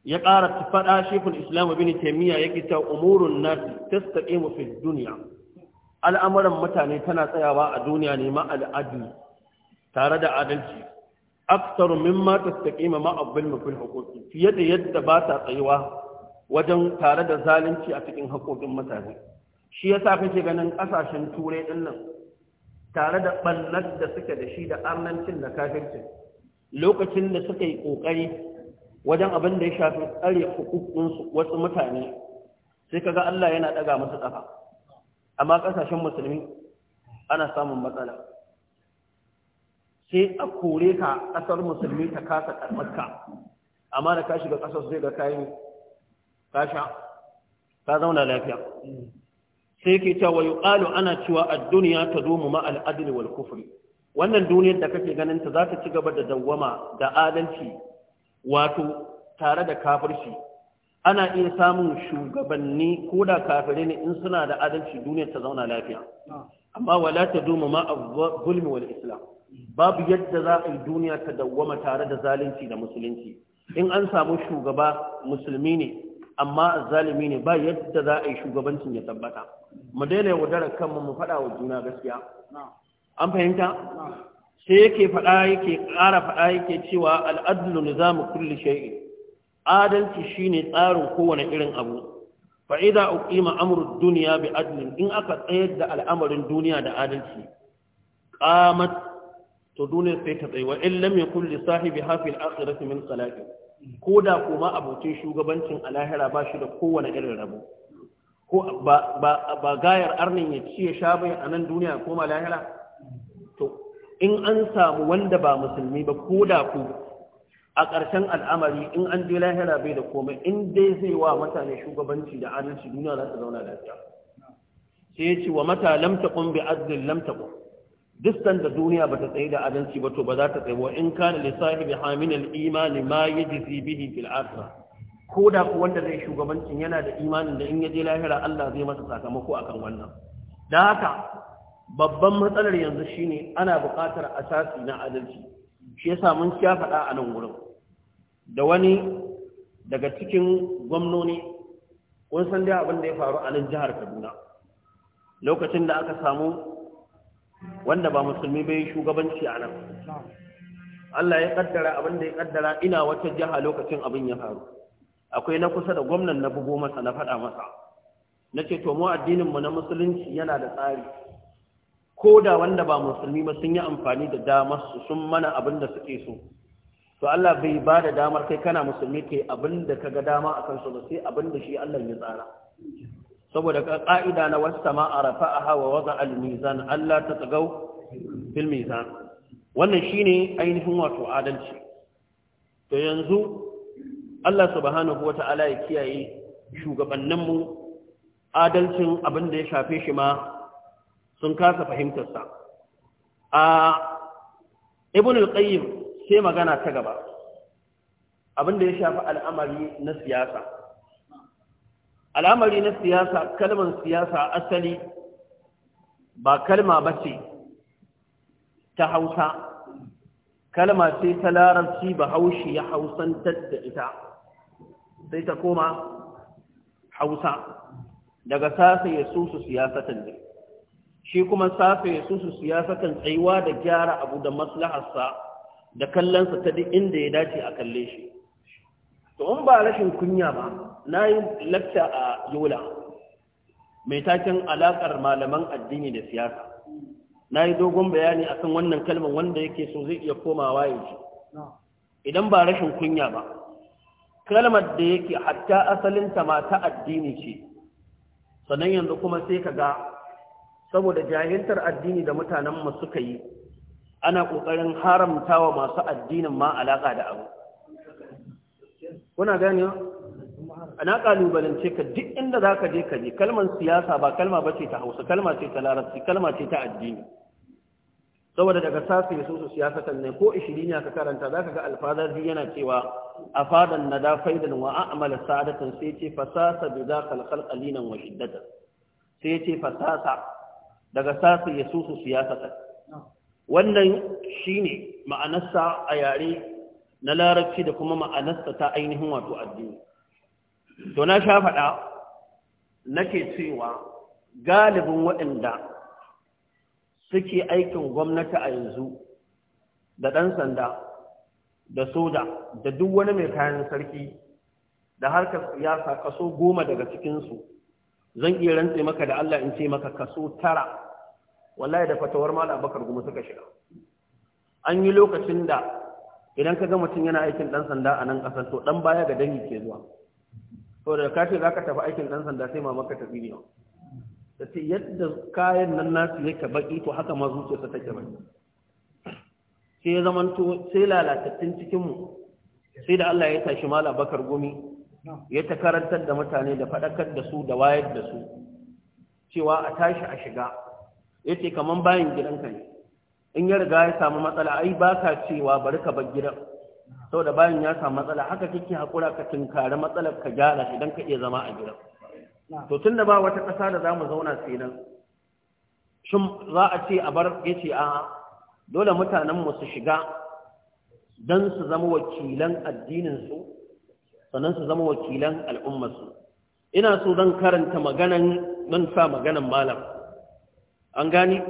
ya ƙara faɗa shekul islam bin taimiyya ya ta umurun nasi tastaqimu mafi duniya al'amuran mutane tana tsayawa a duniya ne maal'adu tare da adalci aksaru mimma ma ma'abbin mafi hukunci, fiye da yadda ba ta tsayuwa wajen tare da zalunci a cikin haƙoƙin mutane shi ya yasa kake ganin ƙasashen turai ɗin nan tare da ɓallar da suke da shi da arnancin da kafircin lokacin da suka yi ƙoƙari wajen abin da ya shafi tsare hukukunsu wasu mutane sai ka ga Allah yana ɗaga masu tsafa amma ƙasashen musulmi ana samun matsala sai a kore ka ƙasar musulmi ta kasa karɓarka amma da ka shiga ƙasar zai ga kayan kasha ka zauna lafiya sai ke cewa yuqalu ana cewa ad ta tadumu ma al wal kufri wannan duniyar da kake ganin ta za ta ci gaba da dawwama da adalci wato tare da kafirci ana iya samun shugabanni ko da kafirai ne in suna da adalci duniyar ta zauna lafiya amma wala ta duma ma zulmi wal islam babu yadda za a yi duniya ta dawwama tare da zalunci da musulunci in an samu shugaba musulmi ne amma zalimi ne ba yadda za a yi shugabancin ya tabbata mu daina yaudarar kanmu mu faɗa wa juna gaskiya an fahimta sai yake faɗa yake ƙara faɗa yake cewa al'adlu nizamu kulli shay'i adalci shine tsarin kowane irin abu fa idza uqima amru dunya bi adlin in aka tsayar da al'amarin duniya da adalci qamat to duniyar sai ta tsaye wa in lam yakul li sahibi hafil akhirati min qalaqi ko kuma abokin shugabancin alahira ba shi da kowane irin rabo ko ba ba gayar arnin ya ci ya sha bai a nan duniya ko malahira in an samu wanda ba musulmi ba ko da ku a ƙarshen al'amari in an je lahira bai da komai in dai zai wa mutane shugabanci da adalci duniya za ta zauna lafiya sai ya ce wa mata lam taqum bi adlin lam taqum dukkan da duniya bata tsaye da adalci ba to ba za ta tsaye ba in kana li sahibi hamin al imani ma yajzi bihi fil akhirah ko da ku wanda zai shugabancin yana da imanin da in ya je lahira Allah zai masa sakamako akan wannan da haka babban matsalar yanzu shine ana buƙatar asasi na adalci shi yasa mun sha faɗa a nan wurin da wani daga cikin gwamnoni kun san dai abin da ya faru a nan jihar Kaduna lokacin da aka samu wanda ba musulmi bai shugabanci a nan Allah ya kaddara abin da ya kaddara ina wata jiha lokacin abin ya faru akwai na kusa da gwamnan na bugo masa na faɗa masa na ce to mu addinin mu na musulunci yana da tsari ko da wanda ba musulmi ba sun yi amfani da damar su sun mana abin da suke so to Allah bai ba da damar kai kana musulmi kai abin da ga dama a kansu ba sai abin da shi Allah ya tsara saboda ka ka'ida na wasu sama'a rafa'aha wa wada al-mizan Allah ta tsagau fil mizan wannan shine ainihin wato adalci to yanzu Allah subhanahu wata'ala ya kiyaye shugabanninmu adalcin abin da ya shafe shi ma sun kasa fahimtarsa a ibn al-qayyim sai magana ta gaba abinda ya shafi al'amari na siyasa al'amari na siyasa kalmar siyasa asali ba kalma ba ce ta hausa kalma ce ta larabci ba haushi ya hausantar da ita sai ta koma hausa daga sasa ya su siyasatan ne shi kuma safe su susu siyasa kan tsayuwa da gyara abu da maslaharsa da kallonsa ta duk inda ya dace a kalle shi to in ba rashin kunya ba na yi lakta a yola mai taken alaƙar malaman addini da siyasa na yi dogon bayani akan wannan kalmar wanda yake so zai iya komawa ya ji idan ba rashin kunya ba kalmar da yake hatta asalinta ma addini ce sannan yanzu kuma sai ka ga saboda jahiltar addini da mutanen mu suka yi ana ƙoƙarin haramta wa masu addinin ma alaƙa da abu kuna gani ana ƙalubalance ka duk inda za ka je ka je kalmar siyasa ba kalma ba ce ta hausa kalma ce ta larabci kalma ce ta addini saboda daga sasi su su kan ne ko ishirin ka karanta za ka ga alfadar yana cewa a fadan na da faidan wa a'amala sa'adatan sai ce fasasa bi za wa shiddatan sai ce fasasa daga sasa ya su ta wannan shi ne ma'anarsa a yare na larabci da kuma ma'anarsa ta ainihin wato addini to na sha faɗa na ke cewa galibin waɗanda suke aikin gwamnati a yanzu da ɗan sanda da soja da duk wani mai kayan sarki da harkar siyasa kaso goma daga cikinsu zan iya rantse maka da Allah in ce maka kaso tara wallahi da fatawar Malam bakar kuma suka shiga an yi lokacin da idan ka ga mutum yana aikin ɗan sanda a nan ƙasar to ɗan baya ga dangi ke zuwa to da ka ce za ka tafi aikin ɗan sanda sai ka tafi ne da ce yadda kayan nan nasu ka baki to haka ma zuciya ta take baki sai ya zamanto sai lalatattun cikinmu sai da Allah ya tashi Malam bakar gumi ya ta karantar da mutane da faɗakar da su da wayar da su cewa a tashi a shiga ya ce kamar bayan gidanka ne in ya riga ya samu matsala ai ba ka cewa bari ka bar gidan saboda bayan ya samu matsala haka kake hakura ka tunkari matsalar ka gyara idan ka iya zama a gidan to tun da ba wata ƙasa da zamu zauna sai nan shin za a ce a bar ya ce a dole mutanenmu su shiga don su zama wakilan addininsu sannan su zama wakilan al'ummarsu ina so zan karanta maganan dan sa maganan malam an gani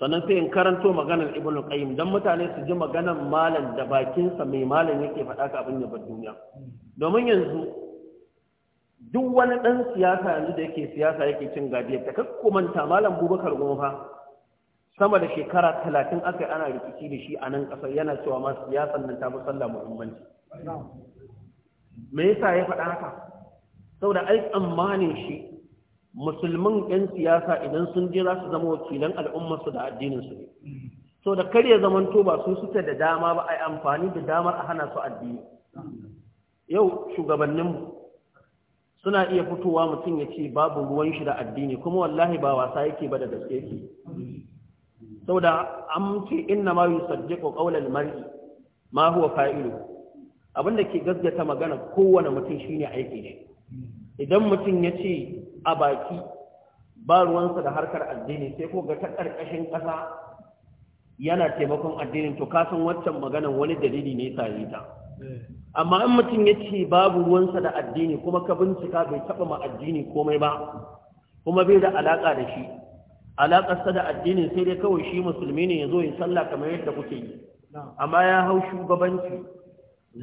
sannan sai in karanto maganar ibn qayyim dan mutane su ji maganar malam da bakinsa mai malam yake faɗa ka abin bar duniya domin yanzu duk wani dan siyasa yanzu da yake siyasa yake cin gajiyar ta kakko manta malam bubakar gofa sama da shekara talatin aka ana rikici da shi a nan ƙasar yana cewa ma siyasan nan ta fi sallah muhimmanci me yasa ya faɗa haka saboda ai tsammanin shi musulmin 'yan siyasa idan sun je za su zama wakilan al'ummarsu da addininsu ne so da karya ya zamanto ba su suke da dama ba a yi amfani da damar a hana su addini yau shugabannin suna iya fitowa mutum ya ce babu ruwan shi da addini kuma wallahi ba wasa yake ba da gaske yake sau da an ce inna ma yi ko ƙaunar mar'i ma huwa fa'ilu abinda ke gaggata magana kowane mutum shine aiki ne idan mutum ya ce a baki ba ruwansa da harkar addini sai ko ga ta ƙarƙashin ƙasa yana taimakon addini to kasan waccan maganan wani dalili ne sa ta amma in mutum ya ce babu ruwansa da addini kuma ka bincika bai taɓa ma addini komai ba kuma bai da alaƙa da shi alaƙarsa da addini sai dai kawai shi musulmi ne ya zo ya sallah kamar yadda kuke yi amma ya hau shugabanci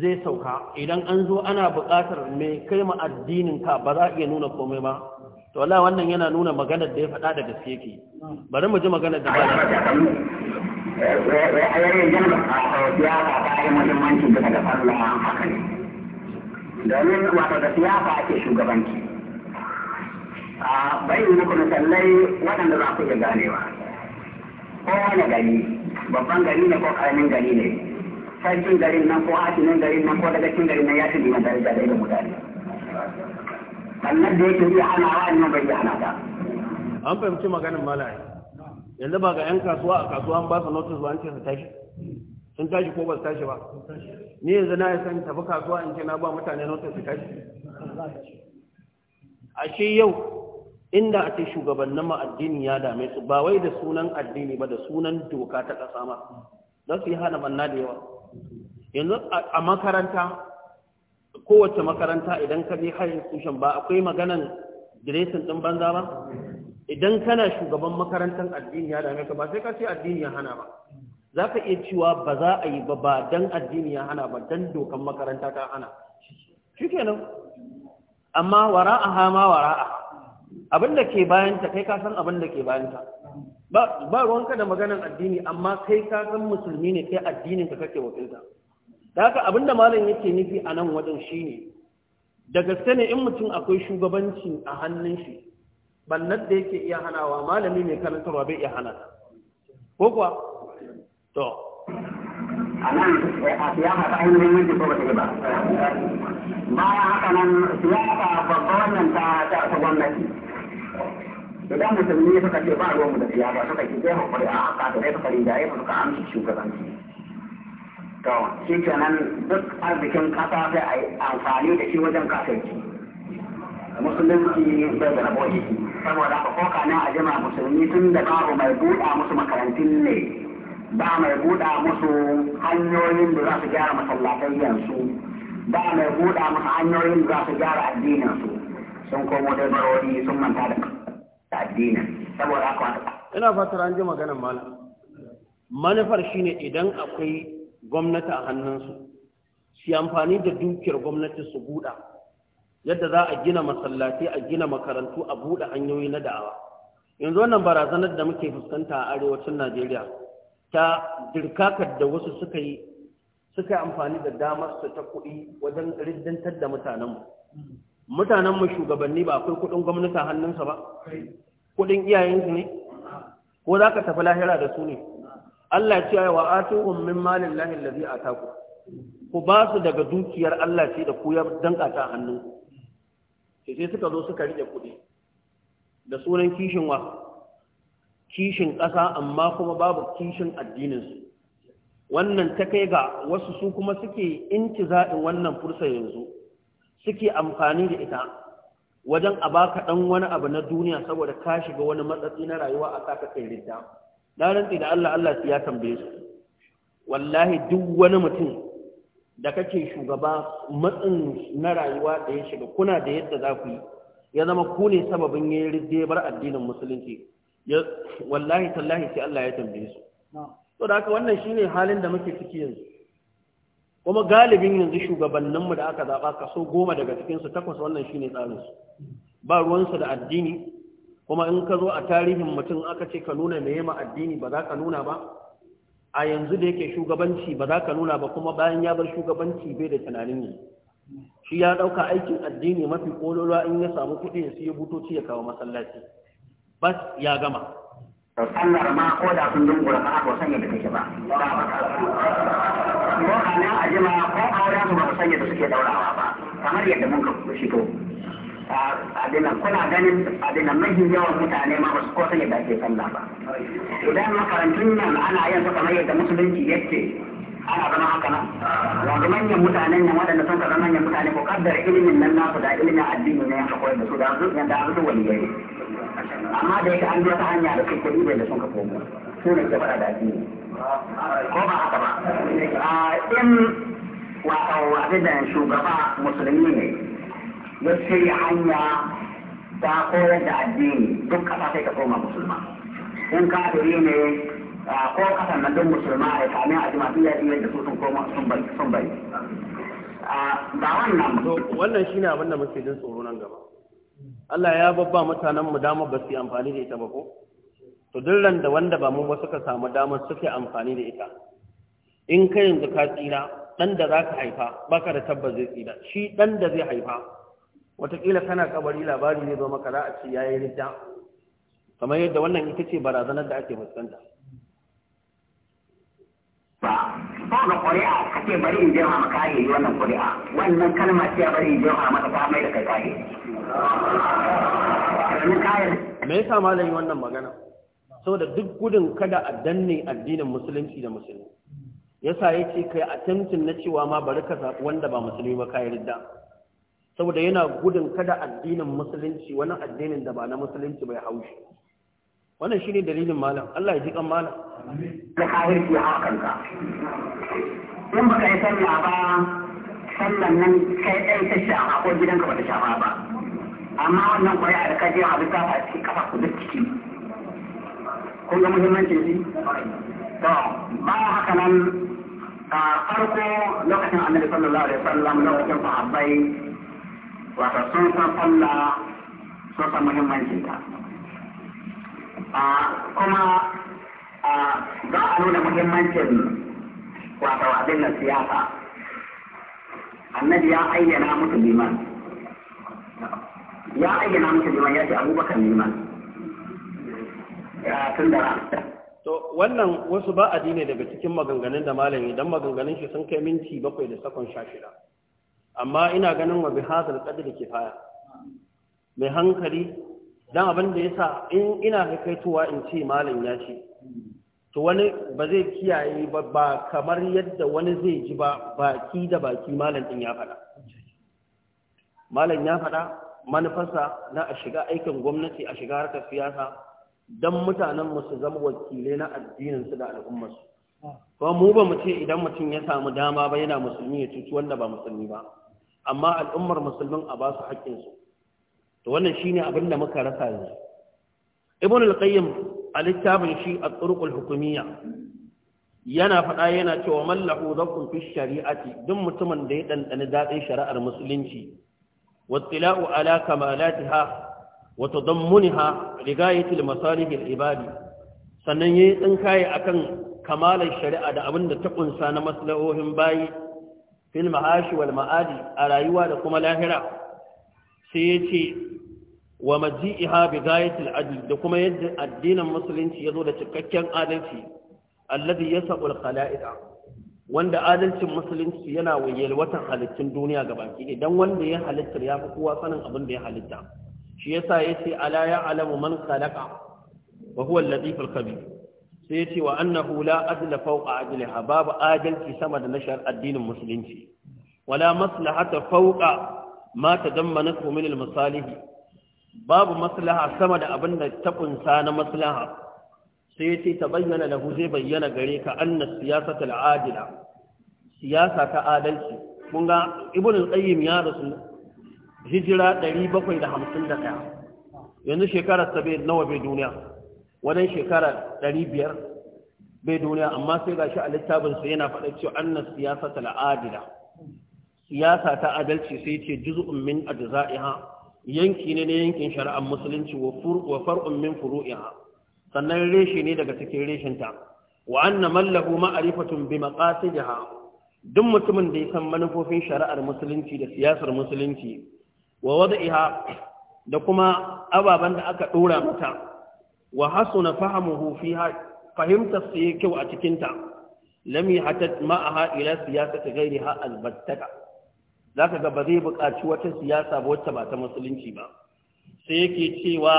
zai sauka idan an zo ana buƙatar mai kai ma addinin ka ba za a iya nuna komai ba to Allah wannan yana nuna maganar da ya faɗa da gaske ke bari mu ji maganar da ba da domin wato da siyasa ake shugabanci a bayin muku misalai waɗanda za ku iya ganewa wani gari babban gari ne ko karamin gari ne sarkin garin nan ko hatimin garin nan ko daga cikin garin nan ya fi dina daraja da mutane sannan da yake iya hana wa'annan bai hana ba an fahimci maganin malaye yanzu ba ga 'yan kasuwa a kasuwa an ba su notice ba an ce su tashi sun tashi ko ba su tashi ba ni yanzu na yi san tafi kasuwa in ce na ba mutane notice su tashi ashe yau inda a ce shugabannin ma addini ya dame su ba wai da sunan addini ba da sunan doka ta ƙasa ma za su yi hana banna da yawa yanzu a makaranta kowace makaranta idan ka je high institution ba akwai maganan diresin ɗin banza ba idan kana shugaban makarantar addini ya dame ka ba sai ka ce addini ya hana ba za ka iya cewa ba za a yi ba ba don addini ya hana ba don dokan makaranta ta hana shi kenan amma wara'a ha ma wara'a da ke bayanta kai ka san abin da ke bayanta ba ruwanka da maganan addini amma kai ka san musulmi ne kai addinin ka kake wakilta da haka abinda malam yake nufi a nan wajen shine da gaske ne in mutum akwai shugabanci a hannun shi bannan da yake iya hanawa malami mai karantarwa bai iya hana ko kuwa to baya haka nan siyasa babba wannan ta ta gwamnati idan mutum ne suka ce ba ruwanmu da siyasa suka ke zai hakuri a haka da dai suka rinjaye suka amshi shugabanci to shi kenan duk arzikin kasa sai a yi amfani da shi wajen kafirci musulunci bai da rabo jiki saboda haka ko kana a jima musulmi tun da babu mai buɗa musu makarantun ne ba mai buɗa musu hanyoyin da za su gyara masallatai yansu ba mai buɗa musu hanyoyin da za su gyara addinin su sun komo dai barori sun manta da addinin saboda haka ina fatar an ji maganar malam manufar shine idan akwai gwamnati a hannunsu su amfani da dukiyar gwamnati su buɗa yadda za a gina masallaci, a gina makarantu a buɗe hanyoyi na da'awa yanzu wannan barazanar da muke fuskanta a arewacin najeriya ta dirkakar da wasu suka yi suka yi amfani da damar su ta kuɗi wajen riddantar da mutanenmu mutanenmu shugabanni ba akwai kuɗin gwamnati a hannunsa ba kuɗin iyayensu ne ko za ka tafi lahira da su ne Allah ce wa atuhum min malin lahi allazi ataku ku ba su daga dukiyar Allah ce da ku ya danka ta hannu sai sai suka zo suka rike kuɗi da sunan kishin wa kishin ƙasa amma kuma babu kishin addinin su wannan ta kai ga wasu su kuma suke inci zain wannan fursa yanzu suke amfani da ita wajen abaka baka dan wani abu na duniya saboda ka shiga wani matsatsi na rayuwa a ka kai ridda na rantsi da Allah Allah ya tambaye su wallahi duk wani mutum da kake shugaba matsin na rayuwa da ya shiga kuna da yadda za ku yi ya zama ku ne sababin ya yi bar addinin musulunci wallahi tallahi sai Allah ya tambaye su to da haka wannan shine halin da muke ciki yanzu kuma galibin yanzu shugabanninmu da aka zaɓa kaso goma daga cikinsu takwas wannan shine tsarinsu ba ruwansu da addini kuma in ka zo a tarihin mutum aka ce ka nuna mai yema addini ba za ka nuna ba a yanzu da yake shugabanci ba za ka nuna ba kuma bayan ya bar shugabanci bai da tunanin yi shi ya ɗauka aikin addini mafi ƙololuwa in ya samu kuɗi ya siya butoci ya kawo masallaci bas ya gama Allah ma ko da sun dungura ba ko sanya da kake ba ko a nan a jima ko a su ba sanya da suke daurawa ba kamar yadda mun ka shito abinan kuna ganin abinan mahi yawan mutane ma ba su ko sanya dace sallah ba idan makarantun nan ana yin su kamar yadda musulunci yake ana zama haka nan wanda manyan mutanen nan waɗanda sun kaza manyan mutane ko kaddara ilimin nan nasu da ilimin addini ne aka koyar da su da su da su wani gari. amma da yake an wata hanya da suke ibe da sun ka komo su ne ke faɗa da addini ko ba haka ba ah, in wato shugaba musulmi ne ya ce hanya ta koyar da addini duk kasa sai ka koma musulma in kafiri ne ko kasan nan duk musulma ya sami a jima iya iya da su sun koma sun bari ba wannan wannan shine abin da muke jin tsoro nan gaba Allah ya babba mutanen mu dama ba su amfani da ita ba ko to duk da wanda ba mu ba suka samu damar suke amfani da ita in ka yanzu ka tsira dan da zaka haifa baka da tabbas zai tsira shi dan da zai haifa watakila kana kabari labari ne zo maka za a ce yayi ridda kamar yadda wannan ita ce barazanar da ake fuskanta ba ga ƙuri'a kake bari in jirha maka yi wannan ƙuri'a wannan kalma ce bari in jirha maka ta mai da kai kaye me yasa malami wannan magana saboda duk gudun kada a danne addinin musulunci da musulmi yasa yace kai attempting na cewa ma bari ka wanda ba musulmi ba kai ridda saboda yana gudun kada addinin musulunci wani addinin da ba na musulunci bai haushi wannan shine dalilin malam Allah ya ji kan malam ya kahirci a kanka in baka yi sallah ba sallan nan kai dai ta sha a ko gidanka ba ta sha ba amma wannan kwaya da ka je bisa ta ci kafa ku duk ciki kun ga muhimmanci shi to ba haka nan farko lokacin annabi sallallahu alaihi wasallam lokacin sahabbai wata sun san sallah sun san muhimmancin ta kuma za a nuna muhimmancin wata abin da siyasa annabi ya ayyana mutu liman ya ayyana mutu liman ya ce abubakar liman ya tun da To wannan wasu ba addini daga cikin maganganun da malami dan maganganun shi sun kai minti bakwai da sakon sha shida. amma ina ganin wa bi hadal qadri kifaya mai hankali dan abin da yasa in ina hakaituwa in ce malam ya ce to wani ba zai kiyaye ba kamar yadda wani zai ji ba baki da baki malam din ya faɗa malam ya faɗa manufarsa na a shiga aikin gwamnati a shiga harkar siyasa don mutanenmu su zama wakilai na addinin su da al'ummarsu kuma mu ba mu ce idan mutum ya samu dama ba yana musulmi ya cuci wanda ba musulmi ba amma al'ummar musulmin a ba su haƙƙinsu to wannan shine abin da muka rasa yanzu ibn al-qayyim a littafin shi a turqul hukumiyya yana faɗa yana cewa mallahu zakum fi shari'ati duk mutumin da ya dandani daɗin shari'ar musulunci wattila'u ala kamalatiha wa tadammunha ligayati al-masalih al-ibadi sannan yayi tsinkaye akan kamalar shari'a da abin da ta kunsa na maslahohin bayi fil ma'ashi wal ma'adi a rayuwa da kuma lahira sai ya ce wa maji'iha bi ghayatil adl da kuma yadda addinin musulunci ya zo da cikakken adalci alladhi yasaqu al wanda adalcin musulunci yana wayel watan halittun duniya gabaki idan wanda ya halitta ya fi kowa sanin abin da ya halitta shi yasa yace ala ya alamu man khalaqa wa huwa al latiful khabir sai ce wa annahu la adla fawqa adliha babu adalci sama da nashar addinin musulunci wala maslahata fawqa ma tadammanatu min al babu maslaha sama da abin da ta kunsa na maslaha sai ce tabayyana lahu zai bayyana gare ka anna siyasata al siyasa ta adalci kun ga ibn al-qayyim ya rasu hijira 751 yanzu shekarar ta bai nawa bai duniya wadan shekara ɗari biyar bai duniya amma sai ga shi a littafinsa yana faɗa cewa annas siyasa ta siyasa ta adalci sai ce juz'un min ajza'iha yanki ne na yankin shari'ar musulunci wa far'un min furu'iha sannan reshe ne daga cikin reshinta wa anna mallahu ma'arifatun bi maqasidiha duk mutumin da ya san manufofin shari'ar musulunci da siyasar musulunci wa iha da kuma ababen da aka ɗora mata wa hasuna fahimuhu fiha fahimtar sa kyau a cikin ta lam yahtat ma'aha ila siyasati ghayriha albattaka zaka ga ba zai buƙaci wata siyasa ba wacce ba ta musulunci ba sai yake cewa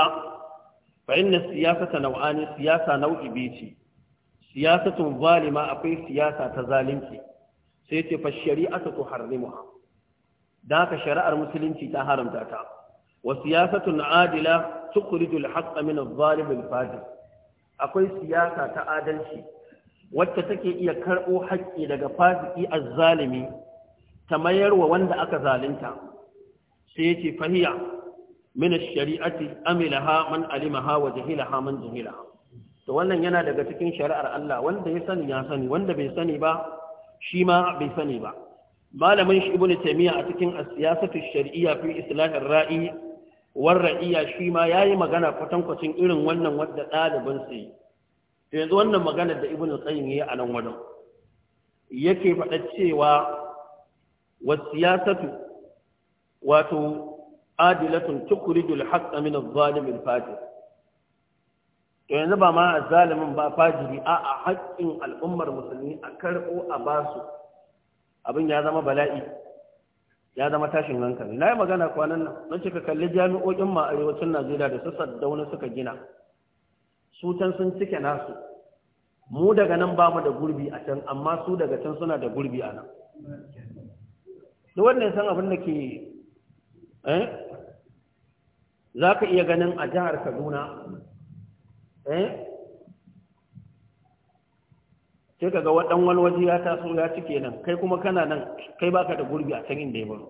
fa inna siyasata nau'ani siyasa nau'i bi ce siyasatun zalima akwai siyasa ta zalunci sai ce fa shari'atu tuharrimuha da haka shari'ar musulunci ta haramta ta wa siyasatun adila tukhriju al-haqqa min adh akwai siyasa ta adalci wacce take iya karɓo haƙƙi daga fasiki azzalimi ta mayar wa wanda aka zalunta sai yace fahiya min ash-shari'ati amilaha man alimaha wa jahilaha man jahilaha to wannan yana daga cikin shari'ar Allah wanda ya sani ya sani wanda bai sani ba shi ma bai sani ba malamin shi ibnu taymiya a cikin as-siyasatu ash-shar'iyya fi islahir ra'i warra'iya shi ma ya yi magana kwatankwacin irin wannan wadda ɗaliban su yi yanzu wannan magana da ibn qayyim ya a nan wajen yake faɗa cewa siyasatu, wato adilatun tukhrijul haqqa min adh-dhalim al-fajir to yanzu ba ma zalimin ba fajiri a a haƙƙin al'ummar musulmi a karɓo a basu abin ya zama bala'i ya zama tashin hankali na yi magana kwanan nan don cika kalli jami'o'in ma arewacin najeriya da su saddauna suka gina su can sun cike nasu mu daga nan ba mu da gurbi a can amma su daga can suna da gurbi a nan da wannan san abin da ke eh? za ka iya ganin a jihar kaduna eh? sai ka ga waɗan wani waje ya taso ya ci nan, kai kuma kana nan kai baka da gurbi a can da ya baro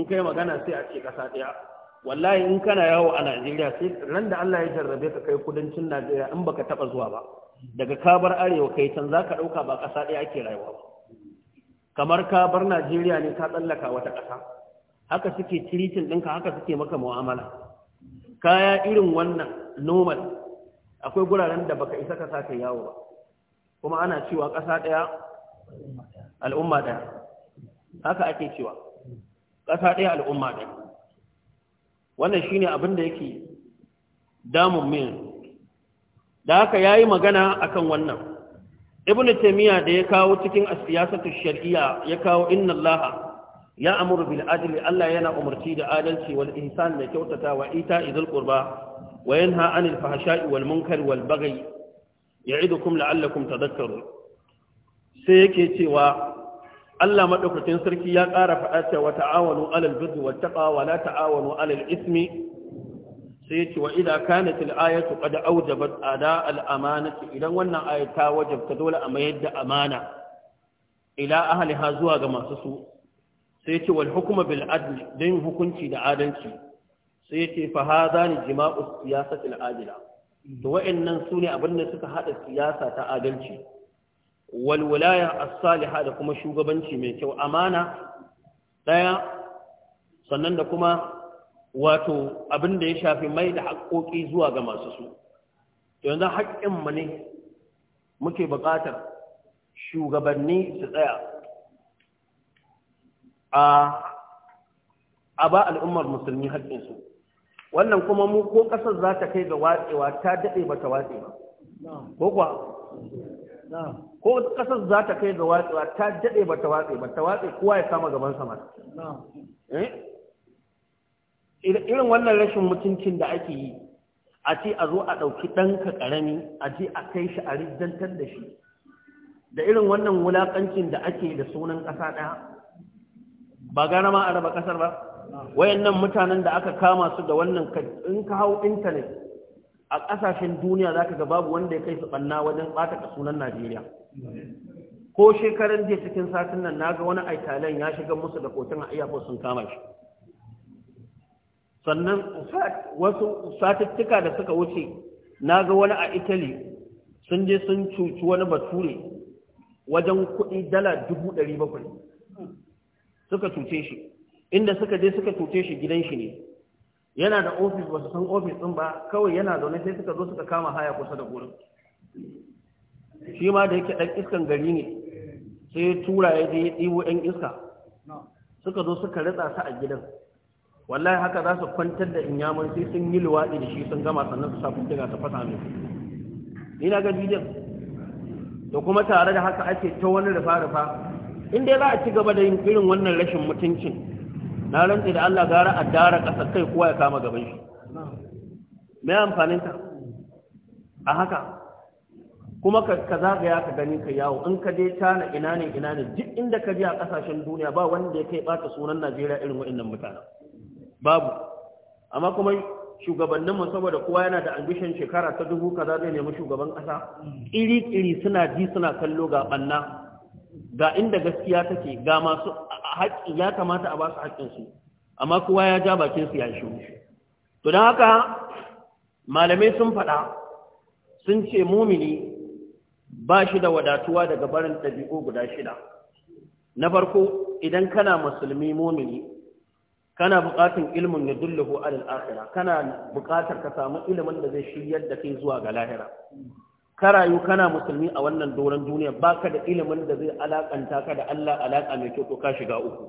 in kai magana sai a ce ƙasa ɗaya wallahi in kana yawo a Najeriya sai ran da Allah ya jarrabe ka kai kudancin Najeriya in baka taɓa zuwa ba daga ka bar arewa kai can za ka ɗauka ba ƙasa ɗaya ake rayuwa ba kamar ka bar Najeriya ne ka tsallaka wata ƙasa haka suke tiritin ɗinka haka suke maka mu'amala kaya irin wannan normal akwai guraren da baka isa ka sa yawo ba kuma ana cewa ƙasa ɗaya al'umma ɗaya haka ake cewa ƙasa ɗaya al'umma ɗaya wannan ne abin da yake damun min da haka yayi magana akan wannan ibnu taymiya da ya kawo cikin as shari'a ya kawo inna allaha ya amuru bil adli Allah yana umarci da adalci wal ihsan da kyautata wa ita dhil qurba wa yanha anil fahsha'i wal munkari wal baghi ya'idukum la'allakum tadhakkarun sai yake cewa Allah madaukakin sarki ya ƙara faɗa cewa ta'awanu alal birri wa taqwa wa la ta'awanu alal ismi sai yace wa idza kanat al ayatu qad awjabat ada al amanati idan wannan aya ta wajabta dole a mayar da amana ila ahliha zuwa ga masu su sai yace wal hukma bil adl din hukunci da adalci sai yace fa hadha ni jima'u siyasati adila Da wa'annan su ne abin da suka haɗa siyasa ta adalci walwulaya as-saliha da kuma shugabanci mai kyau amana ɗaya, sannan da kuma wato abin da ya shafi mai da haƙoƙi zuwa ga masu su yanzu haƙƙin mu ne muke buƙatar shugabanni su tsaya a ba al'ummar musulmi haƙƙinsu wannan kuma mu ko ƙasar za ta kai ga watsewa ta daɗe ba ta watse ba ko kuwa ko ƙasar za ta kai ga watsewa ta daɗe ba ta watse ba ta watse kowa ya kama gaban sama eh? irin wannan rashin mutuncin da ake yi a ce a zo a ɗauki ɗanka ƙarami a je a kai shi a riddantar da shi da irin wannan wulaƙancin da ake da sunan ƙasa ɗaya ba gara ma a raba ƙasar ba wayannan mutanen da aka kama su da wannan in ka hau intanet a ƙasashen duniya za ka ga babu wanda ya kai su ɓanna wajen ɓata sunan najeriya ko shekaran jiya cikin satin nan naga wani aitalen ya shiga musu da kotun a iyakar sun kama shi sannan wasu satuttuka da suka wuce naga wani a italy sun je sun cuci wani bature wajen kuɗi dala dubu ɗari bakwai suka cuce shi inda suka je suka cuce shi gidan shi ne yana da ofis ba su san ofis ɗin ba kawai yana zaune sai suka zo suka kama haya kusa da gurin shi ma da yake dan iskan gari ne sai ya tura ya je ya ɗibo ɗan iska suka zo suka ritsa su a gidan wallahi haka za su kwantar da inyamun sai sun yi luwaɗi da shi sun gama sannan su sa kuntiga su fasa mai ni na ga bidiyon da kuma tare da haka ake ta wani rufa-rufa in dai za a ci gaba da yin irin wannan rashin mutuncin na rantsi da Allah gara a dara ƙasa kai kowa ya kama gaban shi me amfanin ta? a haka kuma ka zagaya ka gani ka yawo in ka dai tana ina ne ina ne duk inda ka je a ƙasashen duniya ba wanda ya kai ɓata sunan Najeriya irin waɗannan mutanen babu amma kuma shugabannin mu saboda kowa yana da ambishin shekara ta dubu kaza zai nemi shugaban ƙasa iri-iri suna ji suna kallo ga ɓanna ga inda gaskiya take ga masu haƙƙi ya kamata a ba su haƙƙinsu amma kowa ya ja bakinsu ya shiru to don haka malamai sun faɗa sun ce mumini ba shi da wadatuwa daga barin ɗabi'u guda shida na farko idan kana musulmi mumini kana buƙatar ilmin ya dullahu alal akhirah kana buƙatar ka samu ilimin da zai shiryar da kai zuwa ga lahira ka rayu kana musulmi a wannan doron duniya baka da ilimin da zai alakanta ka da Allah alaka mai kyau ka shiga uku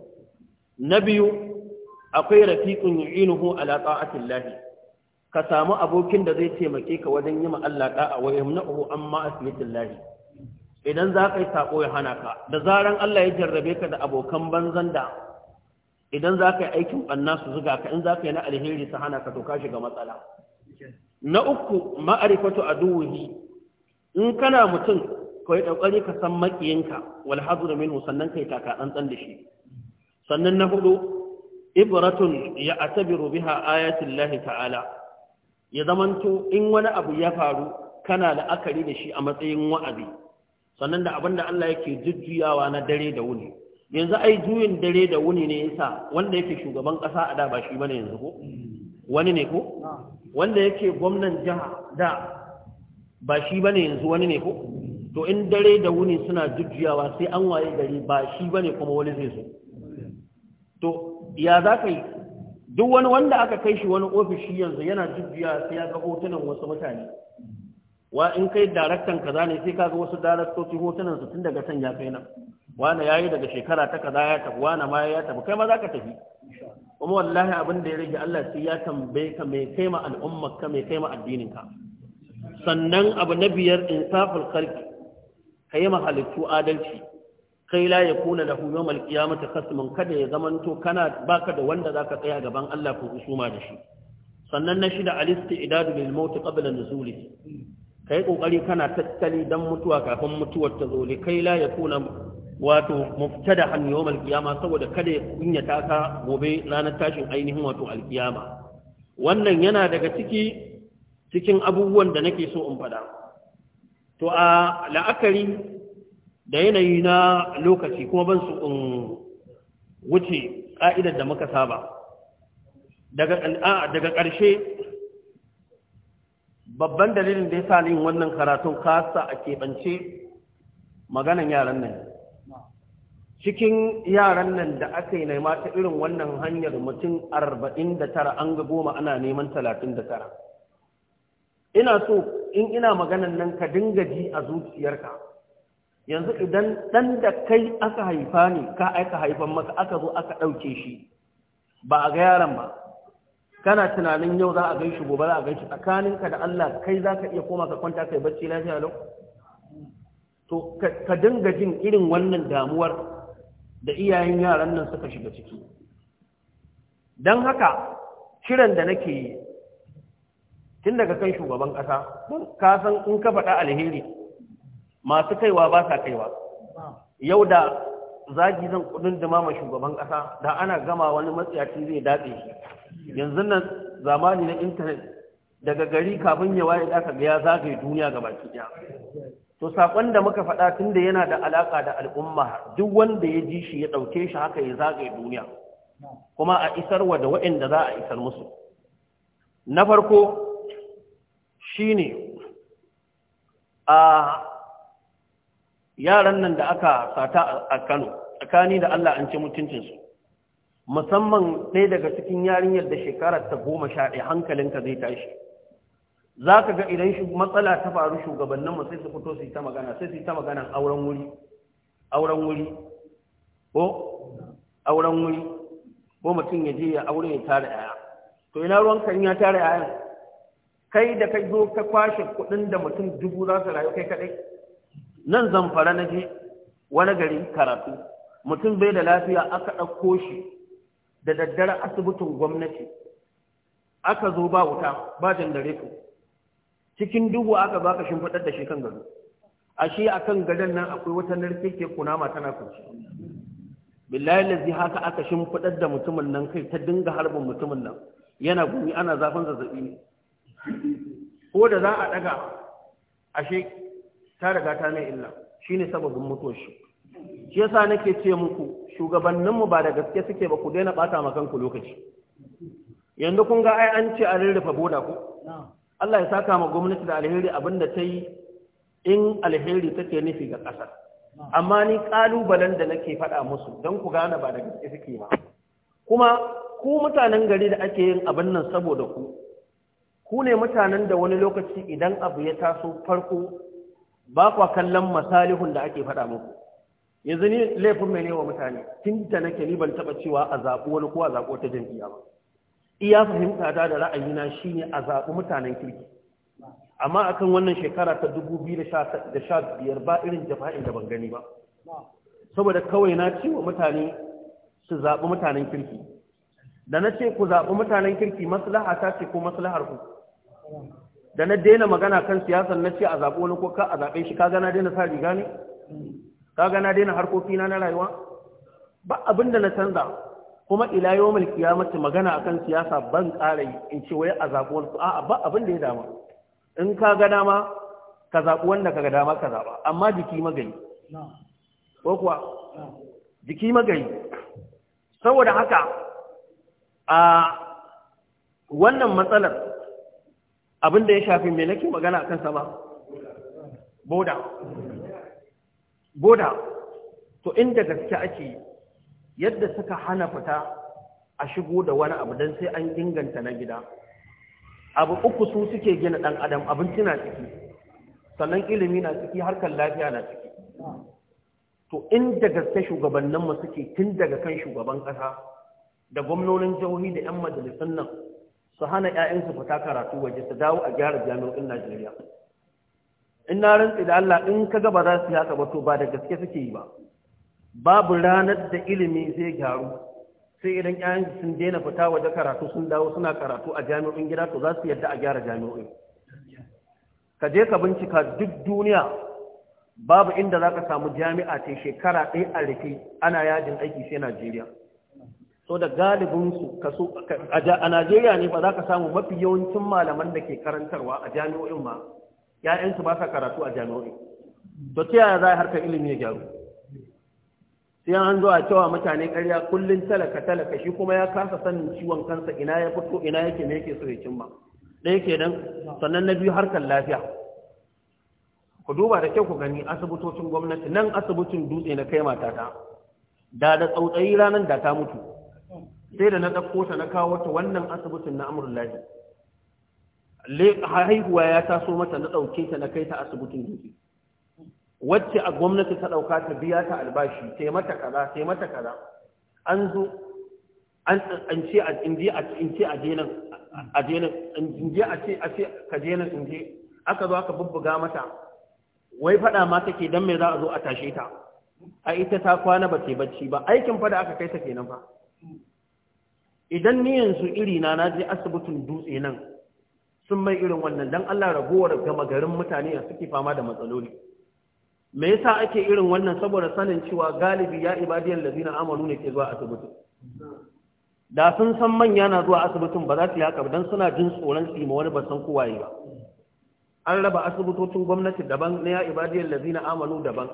na biyu akwai rafiqun yu'inuhu ala ta'atillahi ka samu abokin da zai taimake ka wajen yi ma Allah da'a wa yamna'uhu amma asmitillahi idan za ka yi sako ya hana ka da zaran Allah ya jarrabe ka da abokan banzan da idan za ka yi aikin ɓanna su zuga ka in za ka yi na alheri su hana ka to ka shiga matsala na uku ma'arifatu aduwihi in kana mutum kai kokari ka san makiyinka wal hazru minhu sannan kai taka tsantsan da shi sannan na hudu ibratun ya atabiru biha ayatin lahi ta'ala ya zamanto in wani abu ya faru kana la'akari da shi a matsayin wa'azi sannan da abin Allah yake jujjuyawa na dare da wuni yanzu ai juyin dare da wuni ne yasa wanda yake shugaban ƙasa a da ba shi bane yanzu ko hmm. wani ne ko ah. wanda yake gwamnan jiha da ba shi ba ne yanzu wani ne ko to in dare da wuni suna jujjuyawa sai an waye gari ba shi ba ne kuma wani zai zo to ya za ka yi duk wani wanda aka kai shi wani ofishi yanzu yana jujjuya sai ya ga hotunan wasu mutane wa in kai daraktan kaza ne sai kaga wasu daraktoci hotunan su tun daga can ya kai nan wani yi daga shekara ta kaza ya tafi wani ma ya tafi kai ma za ka tafi kuma wallahi abin da ya rage Allah sai ya tambaye ka mai kaima al'ummar ka mai kaima addinin ka sannan abu na biyar karki ka yi mahalittu adalci kai la ya kuna da lahu malkiya mata khasmun kada ya zamanto kana baka da wanda za ka tsaya gaban Allah ko usuma da shi sannan na shida al idadu lil maut qabla nuzuli kai kokari kana tattali dan mutuwa kafin mutuwar ta zo kai la ya kuna wato muftadahan yawmal qiyama saboda kada ya kunyata ka gobe ranar tashin ainihin wato alkiyama wannan yana daga ciki cikin abubuwan da nake so in fada to a la'akari da yanayi na lokaci kuma ban su in wuce ƙa'idar da muka saba daga ƙarshe babban dalilin da ya sa yin wannan karatun kasa a keɓance maganan yaran nan cikin yaran nan da aka yi nema ta irin wannan hanyar mutum arba'in da tara an ga goma ana neman talatin da tara ina so in ina maganan nan ka dinga ji a zuciyarka yanzu idan ɗan da kai aka haifa ne ka aika haifan maka aka zo aka ɗauke shi ba a ga yaran ba kana tunanin yau za a gan shi gobe za a gan shi tsakaninka da Allah kai za ka iya koma ka kwanta kai bacci lafiya lau to ka dinga jin irin wannan damuwar da iyayen yaran nan suka shiga ciki don haka kiran da nake yi tun daga kan shugaban ƙasa don ka in ka faɗa alheri masu kaiwa ba sa kaiwa yau da zagi zan kudin dumama shugaban ƙasa da ana gama wani matsayaci zai datse shi yanzu nan zamani na intanet daga gari kafin ya waye ɗaka ga ya zagaye duniya ga baki ɗaya to saƙon da muka faɗa tun da yana da alaƙa da al'umma duk wanda ya ji shi ya ɗauke shi haka ya zagaye duniya kuma a isarwa da waɗanda za a isar musu na farko Shi ne, a yaran nan da aka sata a Kano tsakani da Allah an ce mutuncinsu musamman ɗaya daga cikin yarinyar da shekarar ta goma sha ɗaya hankalinka zai tashi za ka ga idan matsala ta faru shugabanninmu sai su fito su yi ta magana sai su yi ta magana auren wuri auren wuri ko auren wuri ko mutum ya je ya aure ya tara yaya to ina ruwan kan ya tara yayan kai da kai zo ka kwashe kuɗin da mutum dubu za su rayu kai kaɗai nan zamfara na je wani gari karatu mutum bai da lafiya aka ɗauko shi da daddare asibitin gwamnati aka zo ba wuta ba ku cikin duhu aka ba ka shimfiɗar da shi kan gado ashe kan gadon nan akwai wata narkeke kunama tana kunci billahi lazi haka aka shimfiɗar da mutumin nan kai ta dinga harbin mutumin nan yana gumi ana zafin zazzaɓi. ne ko da za a daga ashe ta riga ta mai illa shine sababin mutuwar shi shi yasa nake ce muku shugabanninmu ba da gaske suke ba ku daina bata ma kanku lokaci yanzu kun ga ai an ce a rarrafa boda ku Allah ya saka ma gwamnati da alheri abinda ta yi in alheri take nufi ga ƙasar amma ni ƙalubalen da nake faɗa musu don ku gane ba da gaske suke ba kuma ku mutanen gari da ake yin abin nan saboda ku ku ne mutanen da wani lokaci idan abu ya taso farko ba kwa kallon masalihun da ake faɗa muku yanzu ni laifin mai ne wa mutane tun da nake ni ban taɓa cewa a zaɓi wani ko a zaɓi ta jam'iyya ba iya fahimta ta da ra'ayina shine a zaɓi mutanen kirki amma akan wannan shekara ta biyar ba irin jafa'in da ban gani ba saboda kawai na ce wa mutane su zaɓi mutanen kirki da na ce ku zaɓi mutanen kirki maslaha ta ce ko maslahar ku da na daina magana kan siyasar na ce a zaɓo wani ko ka a zaɓe shi ka gana daina sa riga ne ka gana daina harkokina na rayuwa ba abin da na canza kuma ila yau mai kiyamati magana akan siyasa ban ƙara yi in ce wai a zaɓo wani a'a ba abin da ya dama in ka ga dama ka zaɓi wanda ka ga dama ka zaɓa amma jiki magani ko kuwa jiki magani saboda haka a wannan matsalar abin da ya shafi mai nake magana a kansa ba boda boda to inda gaske ake yadda suka hana fita a shigo da wani abu don sai an inganta na gida abu uku su suke gina ɗan adam abinci na ciki sannan ilimi na ciki harkar lafiya na ciki to in da gaske shugabanninmu suke tun daga kan shugaban ƙasa da gwamnonin jihohi da 'yan majalisun nan su hana ‘ya'yansu fita karatu waje su dawo a gyara jami'o'in Najeriya. In na rantsi da Allah in ka gaba za su haka ba to ba da gaske suke yi ba. Babu ranar da ilimi zai gyaru sai idan ‘ya'yansu sun daina fita waje karatu sun dawo suna karatu a jami'o'in gida to za su yadda a gyara jami'o'in. Ka je ka bincika duk duniya babu inda za ka samu jami'a ta shekara ɗaya a rufe ana yajin aiki sai Najeriya. so da galibinsu kaso a Najeriya ne ba za ka samu mafi yawancin malaman da ke karantarwa a jami'o'in ma ‘ya'yansu ba sa karatu a jami'o'in to ta yaya za a harkar ilimi ya gyaru sai an zo a cewa mutane karya kullum talaka talaka shi kuma ya kasa sanin ciwon kansa ina ya fito ina yake me yake so ya cimma ɗaya kenan sannan na biyu harkar lafiya ku duba da kyau ku gani asibitocin gwamnati nan asibitin dutse na kai matata da da tsautsayi ranar da ta mutu sai da na ɗauko ta na kawo ta wannan asibitin na amurlahi haihuwa ya taso mata na ɗauke ta na kai ta asibitin jirgin. wacce a gwamnati ta ɗauka ta biya ta albashi sai mata kaza sai mata kaza an zo an ce a inje a inje a je nan a je nan inje a ce a ce ka je nan aka zo aka bubbuga mata wai faɗa ma take dan me za a zo a tashe ta a ita ta kwana ba ce bacci ba aikin fa da aka kai ta kenan fa idan ni yanzu iri na je asibitin dutse nan sun mai irin wannan dan Allah ragowar gama garin mutane a suke fama da matsaloli me yasa ake irin wannan saboda sanin cewa galibi ya ibadiyan ladina amanu ne ke zuwa asibiti da sun san manya na zuwa asibitin ba za su yaka haka dan suna jin tsoron su ma wani ba san kowa ba an raba asibitocin gwamnati daban na ya ibadiyan ladina amanu daban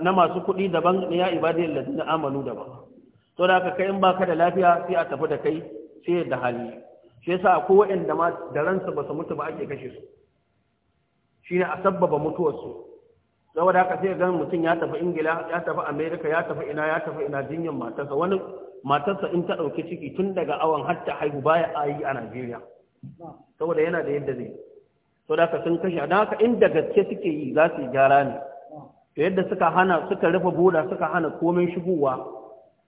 na masu kuɗi daban na ya ibadiyan ladina amanu daban so da ka kai in baka da lafiya sai a tafi da kai sai da hali shi yasa ko wanda ma da ransu ba su mutu ba ake kashe su shine a sabbaba mutuwar su saboda haka sai ga mutum ya tafi Ingila ya tafi America ya tafi ina ya tafi ina jinyar matarsa wani matarsa in ta ɗauki ciki tun daga awon har ta haihu baya a yi a Najeriya saboda yana da yadda zai so da sun kashe don haka inda gaske suke yi za su gyara ne to yadda suka hana suka rufe boda suka hana komai shigowa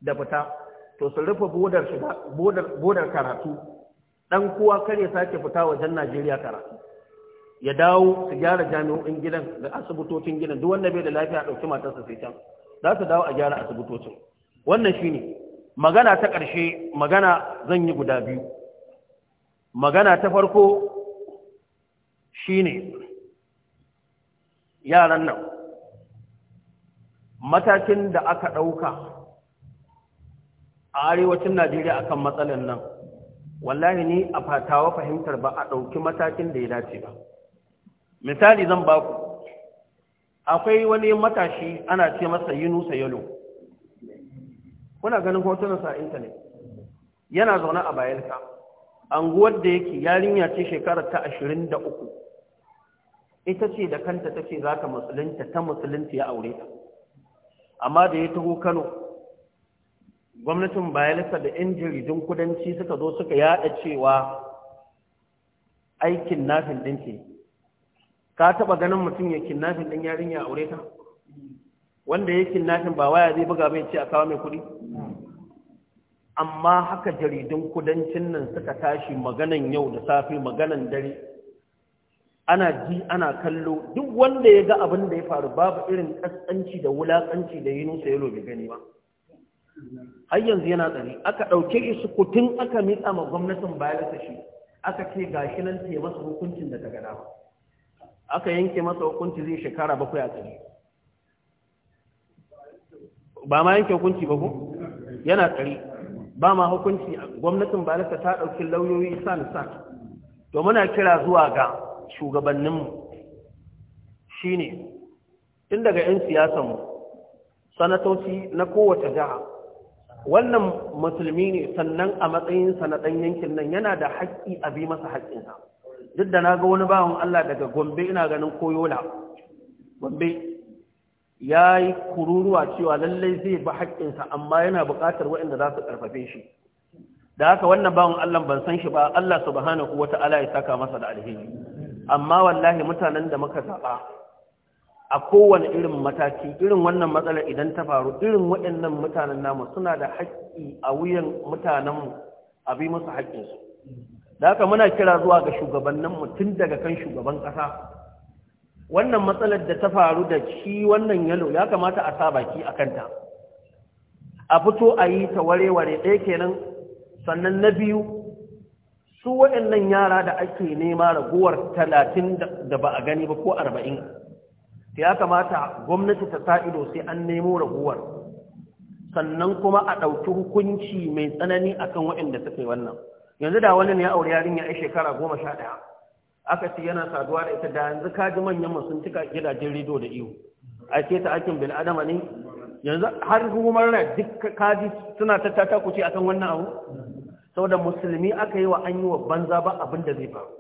da fita to su rufe bodar shiga bodar karatu dan kowa kar sake fita wajen Najeriya karatu ya dawo su gyara jami'o'in gidan da asibitocin gidan duk wanda bai da lafiya dauki matarsa sai can za su dawo a gyara asibitocin wannan shine magana ta ƙarshe magana zan yi guda biyu magana ta farko shine yaran nan matakin da aka ɗauka a arewacin najeriya akan matsalar nan wallahi ni a fatawa fahimtar ba a ɗauki matakin da ya dace ba misali zan ba ku akwai wani matashi ana ce masa yunusa yalo kuna ganin hotunansa a intanet yana zaune a bayelka anguwar da yake yarinya ce shekarar ta ashirin da uku ita ce da kanta tace ce za ta musulunta ta musulunta ya aure ta amma da ya taho kano gwamnatin bayelsa da 'yan jaridun kudanci suka zo suka yada cewa aikin nafin ɗin ce ka taɓa ganin mutum ya kinnafin ɗin yarinya a aure ta wanda ya kinnafin ba waya zai buga bai ce a kawo mai kuɗi amma haka jaridun kudancin nan suka tashi maganan yau da safe maganan dare ana ji ana kallo duk wanda ya ga abin da ya faru babu irin kaskanci da wulaƙanci da yi nusa yalo bai gani ba har yanzu yana tsari. aka ɗauke shi kutun aka miƙa ma gwamnatin bayan shi aka ce gashi nan ta masa hukuncin da ta gada ba aka yanke masa hukunci zai shekara bakwai a tsari. ba ma yanke hukunci ba ku yana tsari. ba ma hukunci gwamnatin bayan ta ɗauki lauyoyi san san to muna kira zuwa ga shugabanninmu shine tun daga 'yan siyasanmu sanatoci na kowace jiha wannan musulmi ne sannan a matsayinsa na ɗan yankin nan yana da haƙƙi a bi masa haƙƙinsa duk da na ga wani bawan Allah daga gombe ina ganin koyola gombe ya yi kururuwa cewa lallai zai bi haƙƙinsa amma yana buƙatar waɗanda za su ƙarfafe shi da haka wannan bawan Allah ban san shi ba Allah subhanahu wata'ala ya saka masa da alheri amma wallahi mutanen da muka zaɓa a kowane irin mataki irin wannan matsalar idan ta faru irin waɗannan mutanen namu suna da haƙƙi a wuyan mutanenmu a bi musu haƙƙinsu da haka muna kira zuwa ga shugabanninmu tun daga kan shugaban ƙasa wannan matsalar da ta faru da shi wannan yalo ya kamata a sa baki a kanta a fito a yi ta ware-ware ɗaya kenan sannan na biyu su waɗannan yara da ake nema ragowar talatin da ba a gani ba ko arba'in ya kamata gwamnati ta sa ido sai an nemo raguwar sannan kuma a ɗauki hukunci mai tsanani akan waɗanda suka yi wannan yanzu da wani ne ya aure yarinya yi shekara goma sha ɗaya aka ce yana saduwa da ita da yanzu kaji manyan masu cika gidajen rido da iyo a ce ta aikin bil adama ne yanzu har hukumar na duk kaji suna ta tata kuce akan wannan abu saboda musulmi aka yi wa an yi wa banza ba abin da zai faru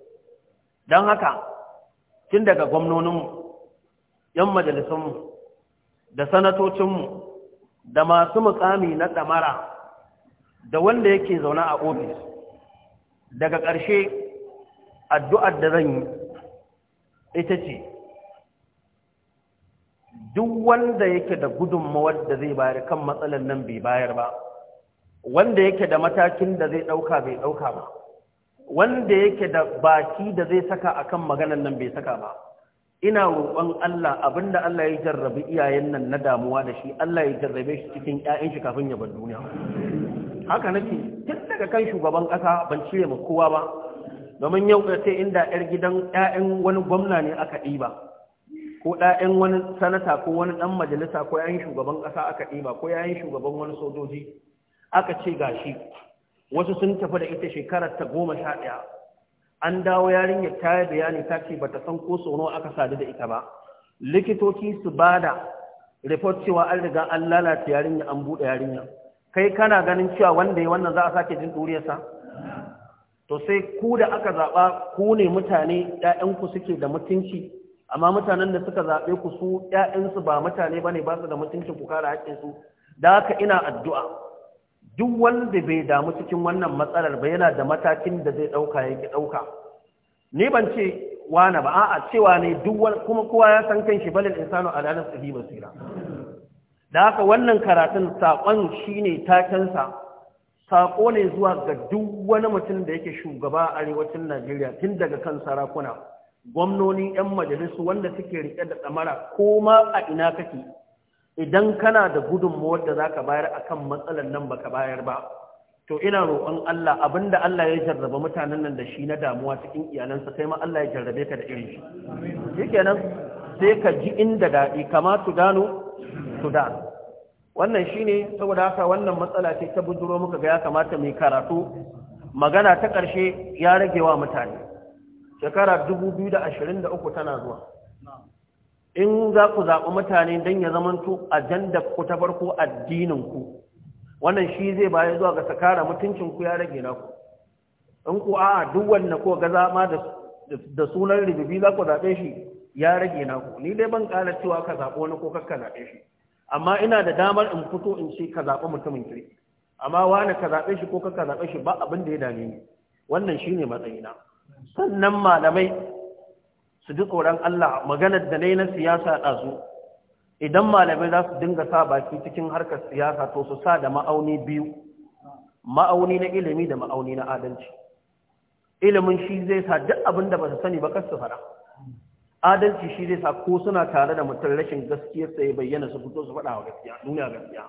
don haka tun daga gwamnoninmu ‘yan majalisunmu da sanatocinmu da masu mukami na damara da wanda yake zaune a ofis daga ƙarshe addu'ar da zan yi ita ce duk wanda yake da gudunmawar da zai bayar kan matsalar nan bai bayar ba wanda yake da matakin da zai ɗauka bai ɗauka ba wanda yake da baki da zai saka akan maganan nan bai saka ba ina roƙon Allah abinda Allah ya jarrabi iyayen nan na damuwa da shi Allah ya jarrabe shi cikin ƴaƴan shi kafin ya bar duniya haka nake tun daga kan shugaban ƙasa ban cire mu kowa ba domin yau da sai inda ƴar gidan ƴaƴan wani gwamna ne aka ɗiba ko 'ya'yan wani sanata ko wani ɗan majalisa ko yayin shugaban ƙasa aka ɗiba ko yayin shugaban wani sojoji aka ce gashi wasu sun tafi da ita shekarar ta goma sha ɗaya an dawo yarinyar ta yi bayani ta ce bata san ko nawa aka sadu da ita ba likitoci su bada da report cewa an riga an lalata yarinya an buɗe yarinya kai kana ganin cewa wanda ya wannan za a sake jin ɗuriyarsa to sai ku da aka zaɓa ku ne mutane ‘ya'yanku suke da mutunci amma mutanen da suka zaɓe ku su ‘ya'yansu ba mutane ba ne ba su da mutuncin ku kare su. da haka ina addu'a duk wanda bai damu cikin wannan matsalar ba yana da matakin da zai ɗauka yake ɗauka ni ban ce wani ba a'a cewa ne duk kuma kowa ya san kan shi balin insano a ranar sahi basira da haka wannan karatun saƙon shi ne takensa saƙo ne zuwa ga duk wani mutum da yake shugaba a arewacin najeriya tun daga kan sarakuna gwamnoni 'yan majalisu wanda suke rike da tsamara ko ma a ina kake idan kana da gudunmuwar da za ka bayar a kan matsalar nan ba ka bayar ba to ina roƙon Allah abinda Allah ya jarraba mutanen nan da shi na damuwa cikin iyalansa sai ma Allah ya jarrabe ka da irin shi shikenan sai ka ji inda daɗi kama su gano su da wannan shine saboda haka wannan matsala ce ta buduro muka ga ya kamata mai karatu magana ta ƙarshe ya rage wa mutane shekara dubu biyu da da ashirin uku tana zuwa in za ku zaɓi mutane don ya zamanto ajanda ku ta farko addininku wannan shi zai baya zuwa ga sakara mutuncinku ya rage naku in ku a'a duk wanda ko zama da sunan rububi za ku zaɓe shi ya rage naku ni dai ban ƙara cewa ka zaɓi wani ko kakka zaɓe shi amma ina da damar in fito in ce ka zaɓi mutumin kirki amma wani ka zaɓe shi ko kakka zaɓe shi ba abin da ya dame ni wannan shine matsayina sannan malamai su ji tsoron Allah maganar da na siyasa ɗazu idan malamai za su dinga sa baki cikin harkar siyasa to su sa da ma'auni biyu ma'auni na ilimi da ma'auni na adalci ilimin shi zai sa duk abin da ba su sani ba kar su fara adalci shi zai sa ko suna tare da mutum rashin gaskiyar sa ya bayyana su fito su faɗa wa gaskiya duniya gaskiya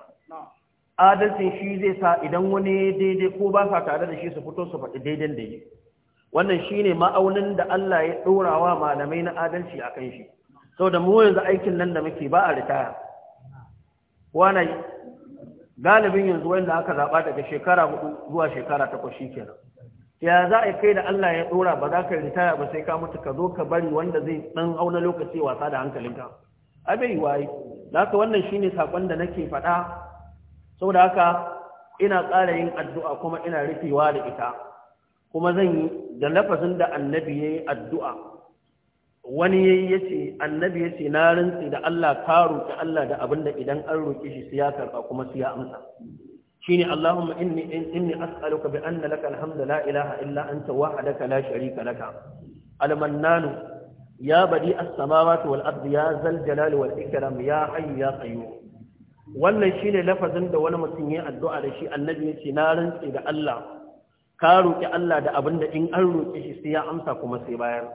adalcin shi zai sa idan wani daidai ko ba sa tare da shi su fito su faɗi daidai da yi wannan shi ne ma'aunin da Allah ya ɗora wa malamai na adalci a kan shi sau da mu yanzu aikin nan da muke ba a ritaya wane galibin yanzu wanda aka zaɓa daga shekara hudu zuwa shekara takwas shi kenan ya za a kai da Allah ya ɗora ba za ka ritaya ba sai ka mutu ka zo ka bari wanda zai ɗan auna lokaci wasa da hankalinka abai waye da haka wannan shi ne saƙon da nake faɗa Sau da haka ina ƙara yin addu'a kuma ina rufewa da ita kuma zan yi da lafazin da annabi ya yi addu'a wani ya yi ya ce annabi ya ce na rintsi da Allah ka roƙi Allah da abinda idan an roƙe shi su ya karɓa kuma siya amsa shi ne Allahumma inni inni as'aluka bi anna laka alhamdu la ilaha illa anta wahdaka la sharika laka al-mannanu ya badi as-samawati wal ardi ya zal jalali wal ikram ya hayyu ya qayyum wannan shine lafazin da wani mutum ya addu'a da shi annabi ya ce na rintsi da Allah ka roƙi Allah da abin da in an roƙi shi sai ya amsa kuma sai bayar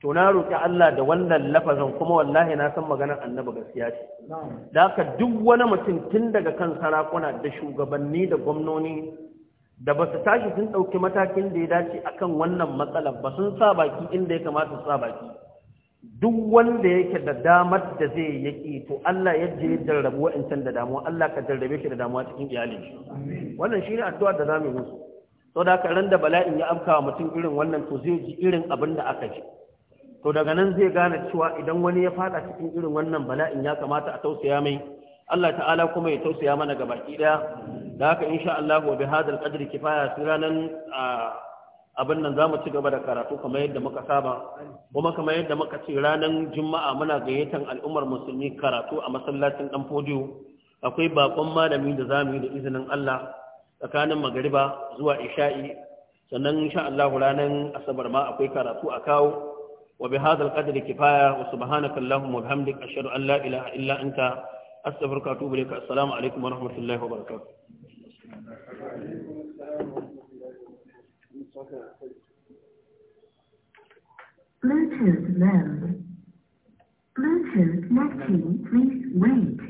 to na roƙi Allah da wannan lafazin kuma wallahi na san maganar annabi gaskiya ce da haka duk wani mutum tun daga kan sarakuna da shugabanni da gwamnoni da ba su tashi sun ɗauki matakin da ya dace akan wannan matsalar ba sun sa baki inda ya kamata su sa baki duk wanda yake da damar da zai yaki to Allah ya ya jarrabu wa'incan da damuwa Allah ka jarrabe shi da damuwa cikin iyalin shi wannan shine addu'a da zamu musu to da ka da bala'in ya amka wa mutum irin wannan to zai ji irin abin da aka ji to daga nan zai gane cewa idan wani ya fada cikin irin wannan bala'in ya kamata a tausaya mai Allah ta'ala kuma ya tausaya mana ga baki daya da haka insha Allah wa bihadal qadri kifaya sai ranan abin nan zamu ci gaba da karatu kamar yadda muka saba kuma kamar yadda muka ce ranan juma'a muna gayyatan al'ummar musulmi karatu a masallacin dan fodiyo akwai bakon malami da zamu yi da izinin Allah tsakanin magariba zuwa isha'i sannan insha Allah ranar asabar ma akwai karatu a kawo wa bi hadal qadri kifaya wa subhanaka allahumma wa bihamdika ashhadu an la ilaha illa anta astaghfiruka wa atubu ilaik assalamu alaikum wa rahmatullahi wa barakatuh